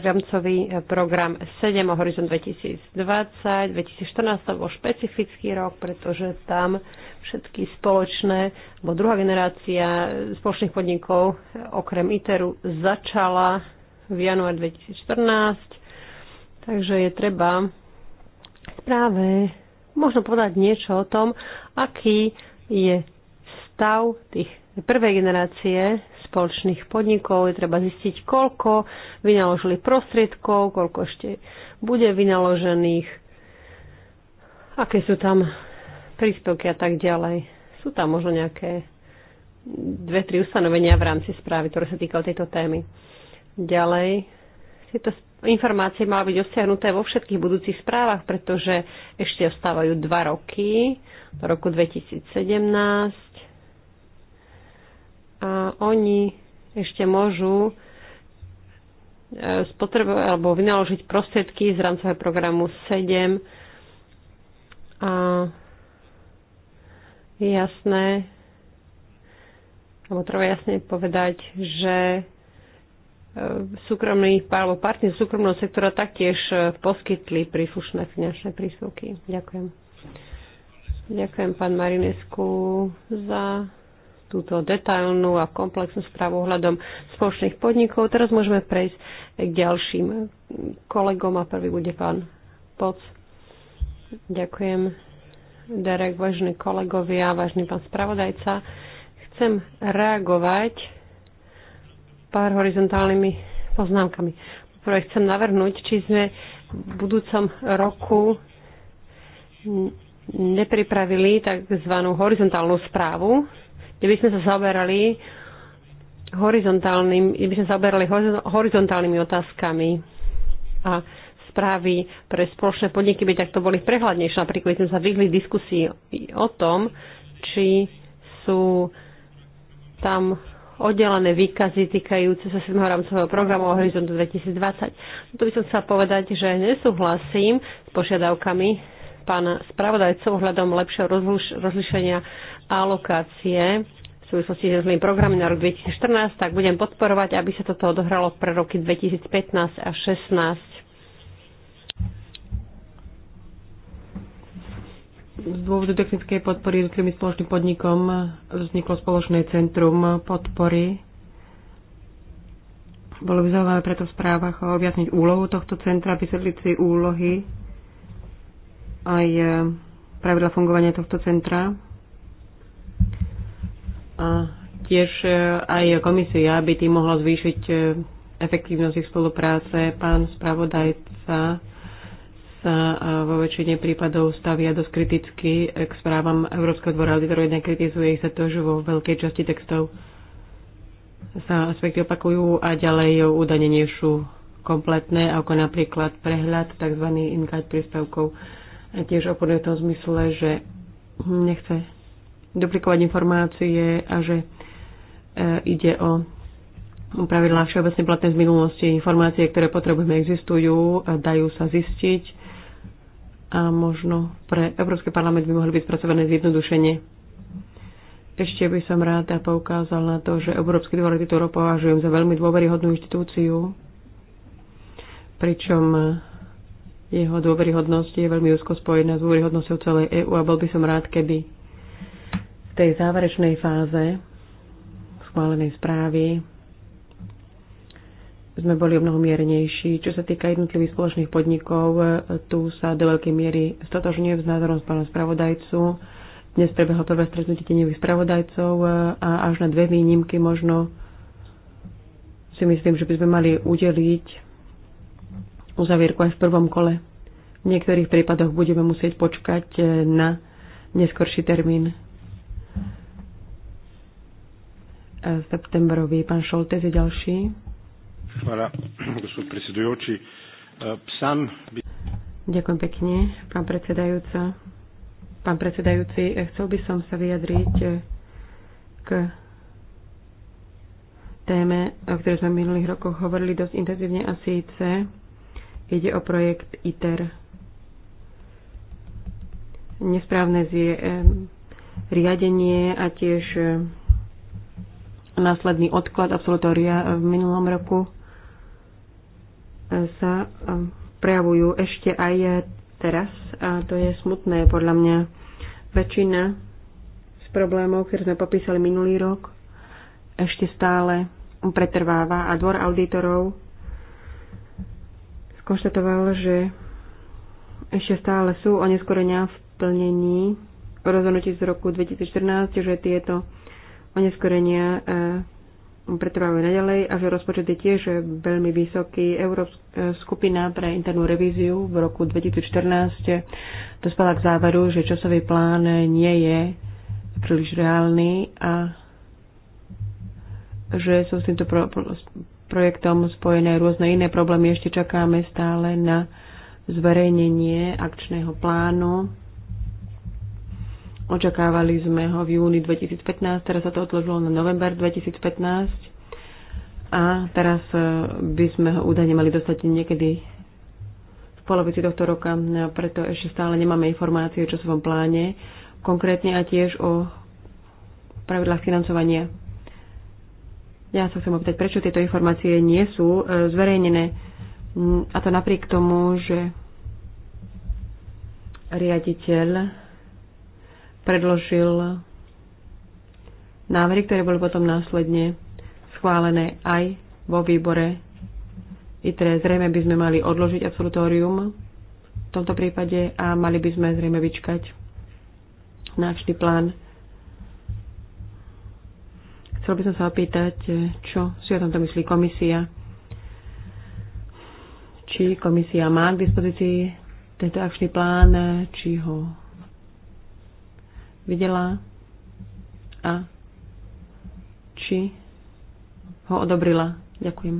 rámcový program 7 o Horizon 2020. 2014 bol špecifický rok, pretože tam všetky spoločné, alebo druhá generácia spoločných podnikov okrem ITERu začala v január 2014. Takže je treba práve možno povedať niečo o tom, aký je stav tých prvej generácie spoločných podnikov. Je treba zistiť, koľko vynaložili prostriedkov, koľko ešte bude vynaložených, aké sú tam príspevky a tak ďalej. Sú tam možno nejaké dve, tri ustanovenia v rámci správy, ktoré sa týkajú tejto témy. Ďalej, tieto informácie mali byť obsiahnuté vo všetkých budúcich správach, pretože ešte ostávajú dva roky, do roku 2017. A oni ešte môžu e, spotrebovať alebo vynaložiť prostriedky z rámcového programu 7. A je jasné, alebo treba jasne povedať, že E, súkromný alebo partner súkromného sektora taktiež e, poskytli príslušné finančné príspevky. Ďakujem. Ďakujem pán Marinesku za túto detailnú a komplexnú správu ohľadom spoločných podnikov. Teraz môžeme prejsť k ďalším kolegom a prvý bude pán Poc. Ďakujem, Derek, vážni kolegovia, vážny pán spravodajca. Chcem reagovať pár horizontálnymi poznámkami. Prvé chcem navrhnúť, či sme v budúcom roku nepripravili tzv. horizontálnu správu, kde by sme sa zaoberali horizontálnym, kde by sme zaoberali horizontálnymi otázkami a správy pre spoločné podniky by takto boli prehľadnejšie. Napríklad sme sa vyhli diskusii o tom, či sú tam oddelené výkazy týkajúce sa 7. rámcového programu o horizontu 2020. No to by som chcela povedať, že nesúhlasím s požiadavkami pána spravodajcov ohľadom lepšieho rozlišenia alokácie v súvislosti s zlým programmi na rok 2014, tak budem podporovať, aby sa toto odohralo pre roky 2015 a 2016. z dôvodu technickej podpory jednotlivým spoločným podnikom vzniklo spoločné centrum podpory. Bolo by zaujímavé preto v správach objasniť úlohu tohto centra, vysvetliť si úlohy aj e, pravidla fungovania tohto centra. A tiež e, aj komisia by tým mohla zvýšiť e, efektívnosť ich spolupráce. Pán spravodajca sa vo väčšine prípadov stavia dosť kriticky k správam Európskeho dvora auditorov, jednak kritizuje ich sa to, že vo veľkej časti textov sa aspekty opakujú a ďalej údajne nie sú kompletné, ako napríklad prehľad tzv. inkať príspevkov. A tiež oponuje v tom zmysle, že nechce duplikovať informácie a že e, ide o pravidlá všeobecne platné z minulosti. Informácie, ktoré potrebujeme, existujú, dajú sa zistiť a možno pre Európsky parlament by mohli byť spracované zjednodušenie. Ešte by som ráda poukázal na to, že Európsky dvor auditorov považujem za veľmi dôveryhodnú inštitúciu, pričom jeho dôveryhodnosť je veľmi úzko spojená s dôveryhodnosťou celej EÚ a bol by som rád, keby v tej záverečnej fáze schválenej správy sme boli o mnoho miernejší. Čo sa týka jednotlivých spoločných podnikov, e, tu sa do veľkej miery stotožňujem s názorom s pánom spravodajcu. Dnes prebehlo prvé stretnutie tenevých spravodajcov e, a až na dve výnimky možno si myslím, že by sme mali udeliť uzavierku aj v prvom kole. V niektorých prípadoch budeme musieť počkať e, na neskorší termín. Septembrový pán Šoltes je ďalší. Hvala, gospod eh, Sam by... Ďakujem pekne, pán predsedajúca. Pán predsedajúci, eh, chcel by som sa vyjadriť eh, k téme, o ktorej sme v minulých rokoch hovorili dosť intenzívne a síce ide o projekt ITER. Nesprávne zje, riadenie a tiež následný odklad absolutória v minulom roku sa eh, prejavujú ešte aj teraz a to je smutné podľa mňa. Väčšina z problémov, ktoré sme popísali minulý rok, ešte stále pretrváva a dvor auditorov skonštatoval, že ešte stále sú oneskorenia v plnení rozhodnutí z roku 2014, že tieto oneskorenia eh, pretrváme naďalej a že rozpočet je tiež veľmi vysoký. Európska e, skupina pre internú revíziu v roku 2014 dospela k záveru, že časový plán nie je príliš reálny a že sú s týmto pro, projektom spojené rôzne iné problémy. Ešte čakáme stále na zverejnenie akčného plánu Očakávali sme ho v júni 2015, teraz sa to odložilo na november 2015 a teraz e, by sme ho údajne mali dostať niekedy v polovici tohto roka, no, preto ešte stále nemáme informácie o časovom pláne, konkrétne a tiež o pravidlách financovania. Ja sa chcem opýtať, prečo tieto informácie nie sú e, zverejnené, mm, a to napriek tomu, že riaditeľ predložil návrhy, ktoré boli potom následne schválené aj vo výbore ITRE. Zrejme by sme mali odložiť absolutórium v tomto prípade a mali by sme zrejme vyčkať na plán. Chcel by som sa opýtať, čo si o tomto myslí komisia. Či komisia má k dispozícii tento akčný plán, či ho videla a či ho odobrila. Ďakujem.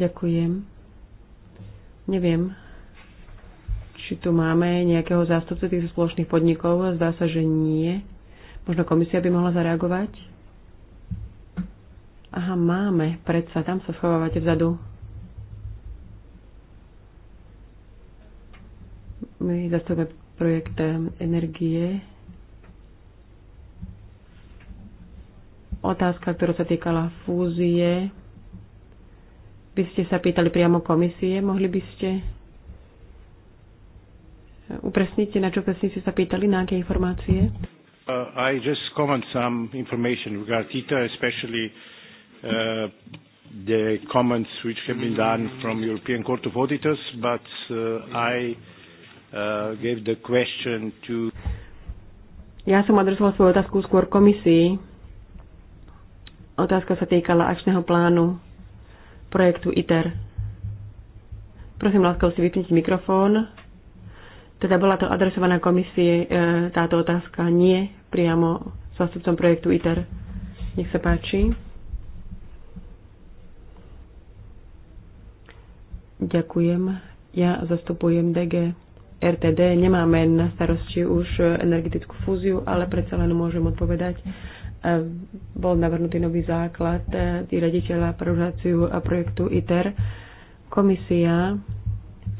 Ďakujem. Neviem, či tu máme nejakého zástupcu tých spoločných podnikov. Zdá sa, že nie. Možno komisia by mohla zareagovať. Aha, máme. Predsa, tam sa schovávate vzadu. My zastávame projekt um, energie. Otázka, ktorá sa týkala fúzie, by ste sa pýtali priamo komisie. Mohli by ste upresniť, na čo presne ste sa pýtali, na aké informácie? Uh, I just comment some information regarding ITA, especially uh, the comments which have been done from European Court of Auditors, but uh, I uh, gave the question to... Ja som adresoval svoju otázku skôr komisii. Otázka sa týkala akčného plánu projektu ITER. Prosím, láskav si vypnite mikrofón. Teda bola to adresovaná komisie e, táto otázka, nie priamo zástupcom projektu ITER. Nech sa páči. Ďakujem. Ja zastupujem DG. RTD nemáme na starosti už energetickú fúziu, ale predsa len môžem odpovedať. E, bol navrhnutý nový základ e, riaditeľa prorúzáciu a projektu ITER. Komisia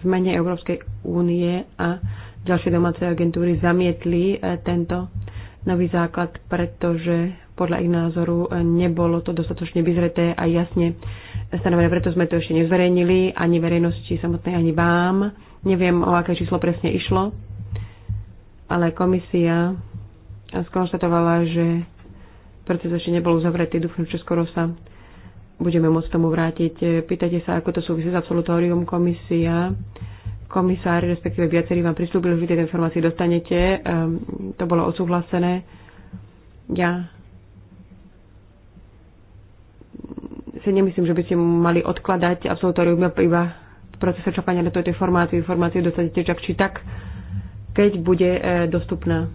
v mene Európskej únie a ďalšie domáce agentúry zamietli e, tento nový základ, pretože podľa ich názoru nebolo to dostatočne vyzreté a jasne stanovené. Preto sme to ešte nezverejnili ani verejnosti samotnej, ani vám Neviem, o aké číslo presne išlo, ale komisia skonštatovala, že proces ešte nebol uzavretý. Dúfam, že skoro sa budeme môcť tomu vrátiť. Pýtate sa, ako to súvisí s absolutórium komisia. komisári, respektíve viacerí vám prislúbili, že vy tieto informácie dostanete. Um, to bolo odsúhlasené. Ja si nemyslím, že by ste mali odkladať absolutórium iba procese čakania na tejto informáciu. Informáciu dostanete čak či tak, keď bude e, dostupná.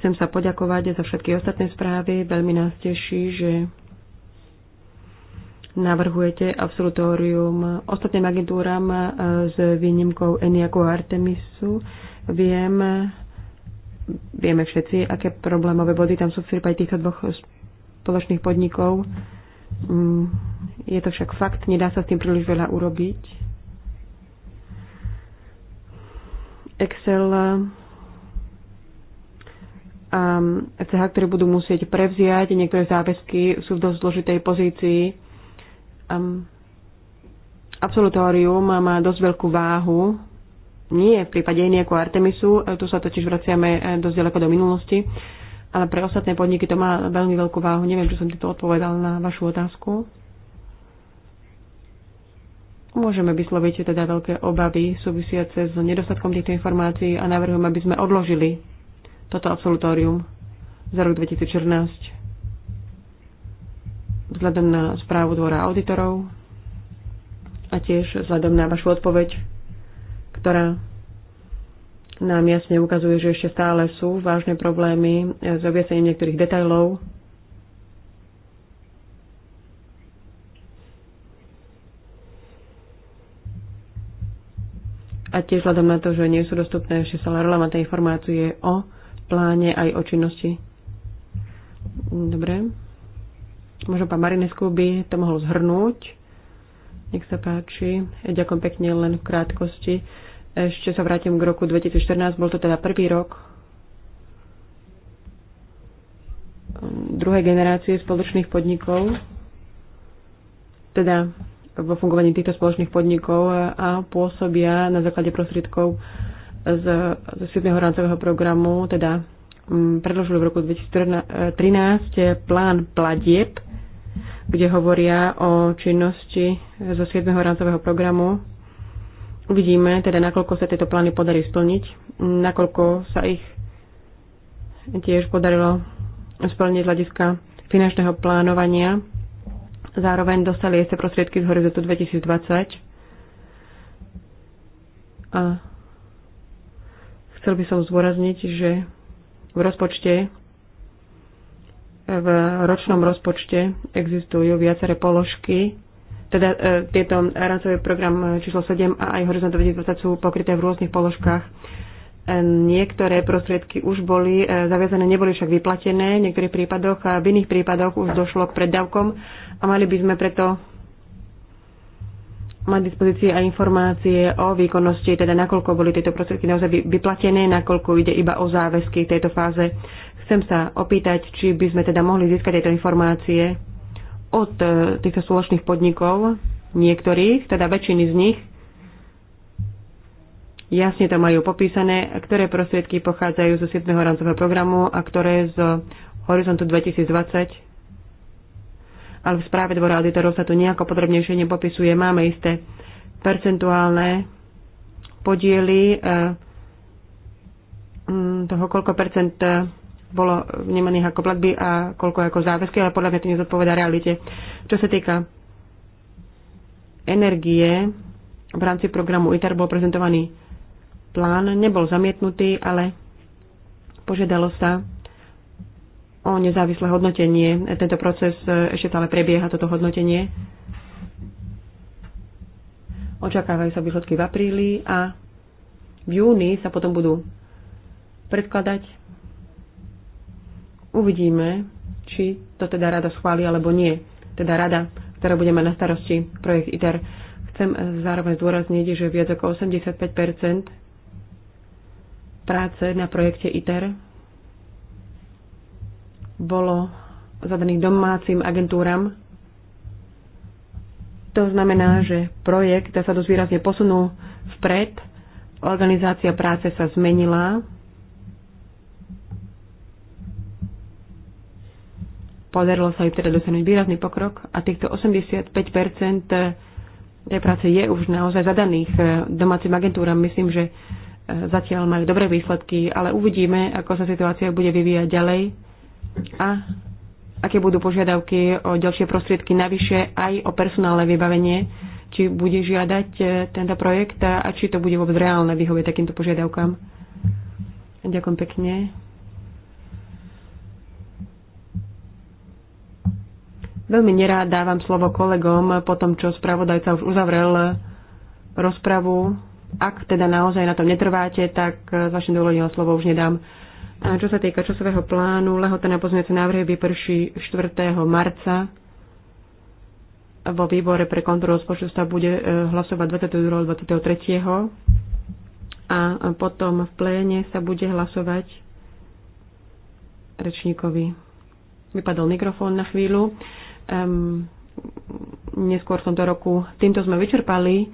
Chcem sa poďakovať za všetky ostatné správy. Veľmi nás teší, že navrhujete absolutórium ostatným agentúram e, s výnimkou Eniaku Artemisu. Viem, vieme všetci, aké problémové body tam sú v prípade týchto dvoch spoločných podnikov. Mm, je to však fakt, nedá sa s tým príliš veľa urobiť. Excel eh, a CH, ktoré budú musieť prevziať, niektoré záväzky sú v dosť zložitej pozícii. Ehm, absolutórium má dosť veľkú váhu. Nie v prípade iný ako Artemisu, eh, tu sa totiž vraciame eh, dosť ďaleko do minulosti ale pre ostatné podniky to má veľmi veľkú váhu. Neviem, čo som ti to odpovedal na vašu otázku. Môžeme vysloviť teda veľké obavy súvisiace s nedostatkom týchto informácií a navrhujem, aby sme odložili toto absolutórium za rok 2014 vzhľadom na správu dvora auditorov a tiež vzhľadom na vašu odpoveď, ktorá nám jasne ukazuje, že ešte stále sú vážne problémy e, s objasnením niektorých detajlov. A tiež vzhľadom na to, že nie sú dostupné ešte stále relevantné informácie o pláne aj o činnosti. Dobre. Možno pán Marinesku by to mohol zhrnúť. Nech sa páči. Ďakujem pekne len v krátkosti. Ešte sa vrátim k roku 2014, bol to teda prvý rok druhej generácie spoločných podnikov, teda vo fungovaní týchto spoločných podnikov a pôsobia na základe prostriedkov z, z rámcového programu, teda mm, predložili v roku 2013 eh, plán platieb, kde hovoria o činnosti zo 7. rámcového programu Uvidíme teda, nakoľko sa tieto plány podarí splniť, nakoľko sa ich tiež podarilo splniť z hľadiska finančného plánovania. Zároveň dostali ste prostriedky z horizontu 2020. A chcel by som zdôrazniť, že v rozpočte, v ročnom rozpočte existujú viaceré položky, teda e, tieto rámcový program e, číslo 7 a aj Horizont 2020 sú pokryté v rôznych položkách. E, niektoré prostriedky už boli e, zaviazané, neboli však vyplatené v niektorých prípadoch a v iných prípadoch už došlo k preddavkom a mali by sme preto mať dispozícii aj informácie o výkonnosti, teda nakoľko boli tieto prostriedky naozaj vyplatené, nakoľko ide iba o záväzky v tejto fáze. Chcem sa opýtať, či by sme teda mohli získať tieto informácie od e, týchto spoločných podnikov, niektorých, teda väčšiny z nich, jasne to majú popísané, ktoré prostriedky pochádzajú zo 7. rámcového programu a ktoré z Horizontu 2020 ale v správe dvora auditorov sa to nejako podrobnejšie nepopisuje. Máme isté percentuálne podiely e, toho, koľko percent e, bolo vnímaných ako platby a koľko ako záväzky, ale podľa mňa to nezodpoveda realite. Čo sa týka energie, v rámci programu ITER bol prezentovaný plán, nebol zamietnutý, ale požiadalo sa o nezávislé hodnotenie. Tento proces ešte stále prebieha, toto hodnotenie. Očakávajú sa výsledky v apríli a v júni sa potom budú predkladať Uvidíme, či to teda rada schváli alebo nie. Teda rada, ktorá bude mať na starosti projekt ITER. Chcem zároveň zdôrazniť, že viac ako 85 práce na projekte ITER bolo zadaných domácim agentúram. To znamená, že projekt sa dosť výrazne posunul vpred, organizácia práce sa zmenila, Podarilo sa im teda dosiahnuť výrazný pokrok a týchto 85 eh, tej práce je už naozaj zadaných eh, domácim agentúram. Myslím, že eh, zatiaľ majú dobré výsledky, ale uvidíme, ako sa situácia bude vyvíjať ďalej a aké budú požiadavky o ďalšie prostriedky navyše aj o personálne vybavenie, či bude žiadať tento projekt a či to bude vôbec reálne vyhovieť takýmto požiadavkám. Ďakujem pekne. Veľmi nerád dávam slovo kolegom po tom, čo spravodajca už uzavrel rozpravu. Ak teda naozaj na tom netrváte, tak eh, s vašim dovolením slovo už nedám. A čo sa týka časového plánu, lehota na pozmeňujúce návrhy vyprší 4. marca. Vo výbore pre kontrolu rozpočtu sa bude eh, hlasovať 22. 23. A potom v pléne sa bude hlasovať rečníkovi. Vypadol mikrofón na chvíľu um, neskôr v tomto roku. Týmto sme vyčerpali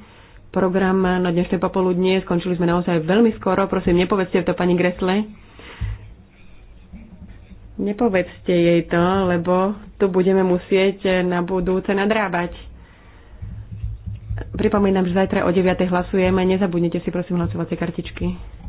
program na dnešné popoludnie. Skončili sme naozaj veľmi skoro. Prosím, nepovedzte to pani Gresle. Nepovedzte jej to, lebo tu budeme musieť na budúce nadrábať. Pripomínam, že zajtra o 9. hlasujeme. Nezabudnite si prosím hlasovacie kartičky.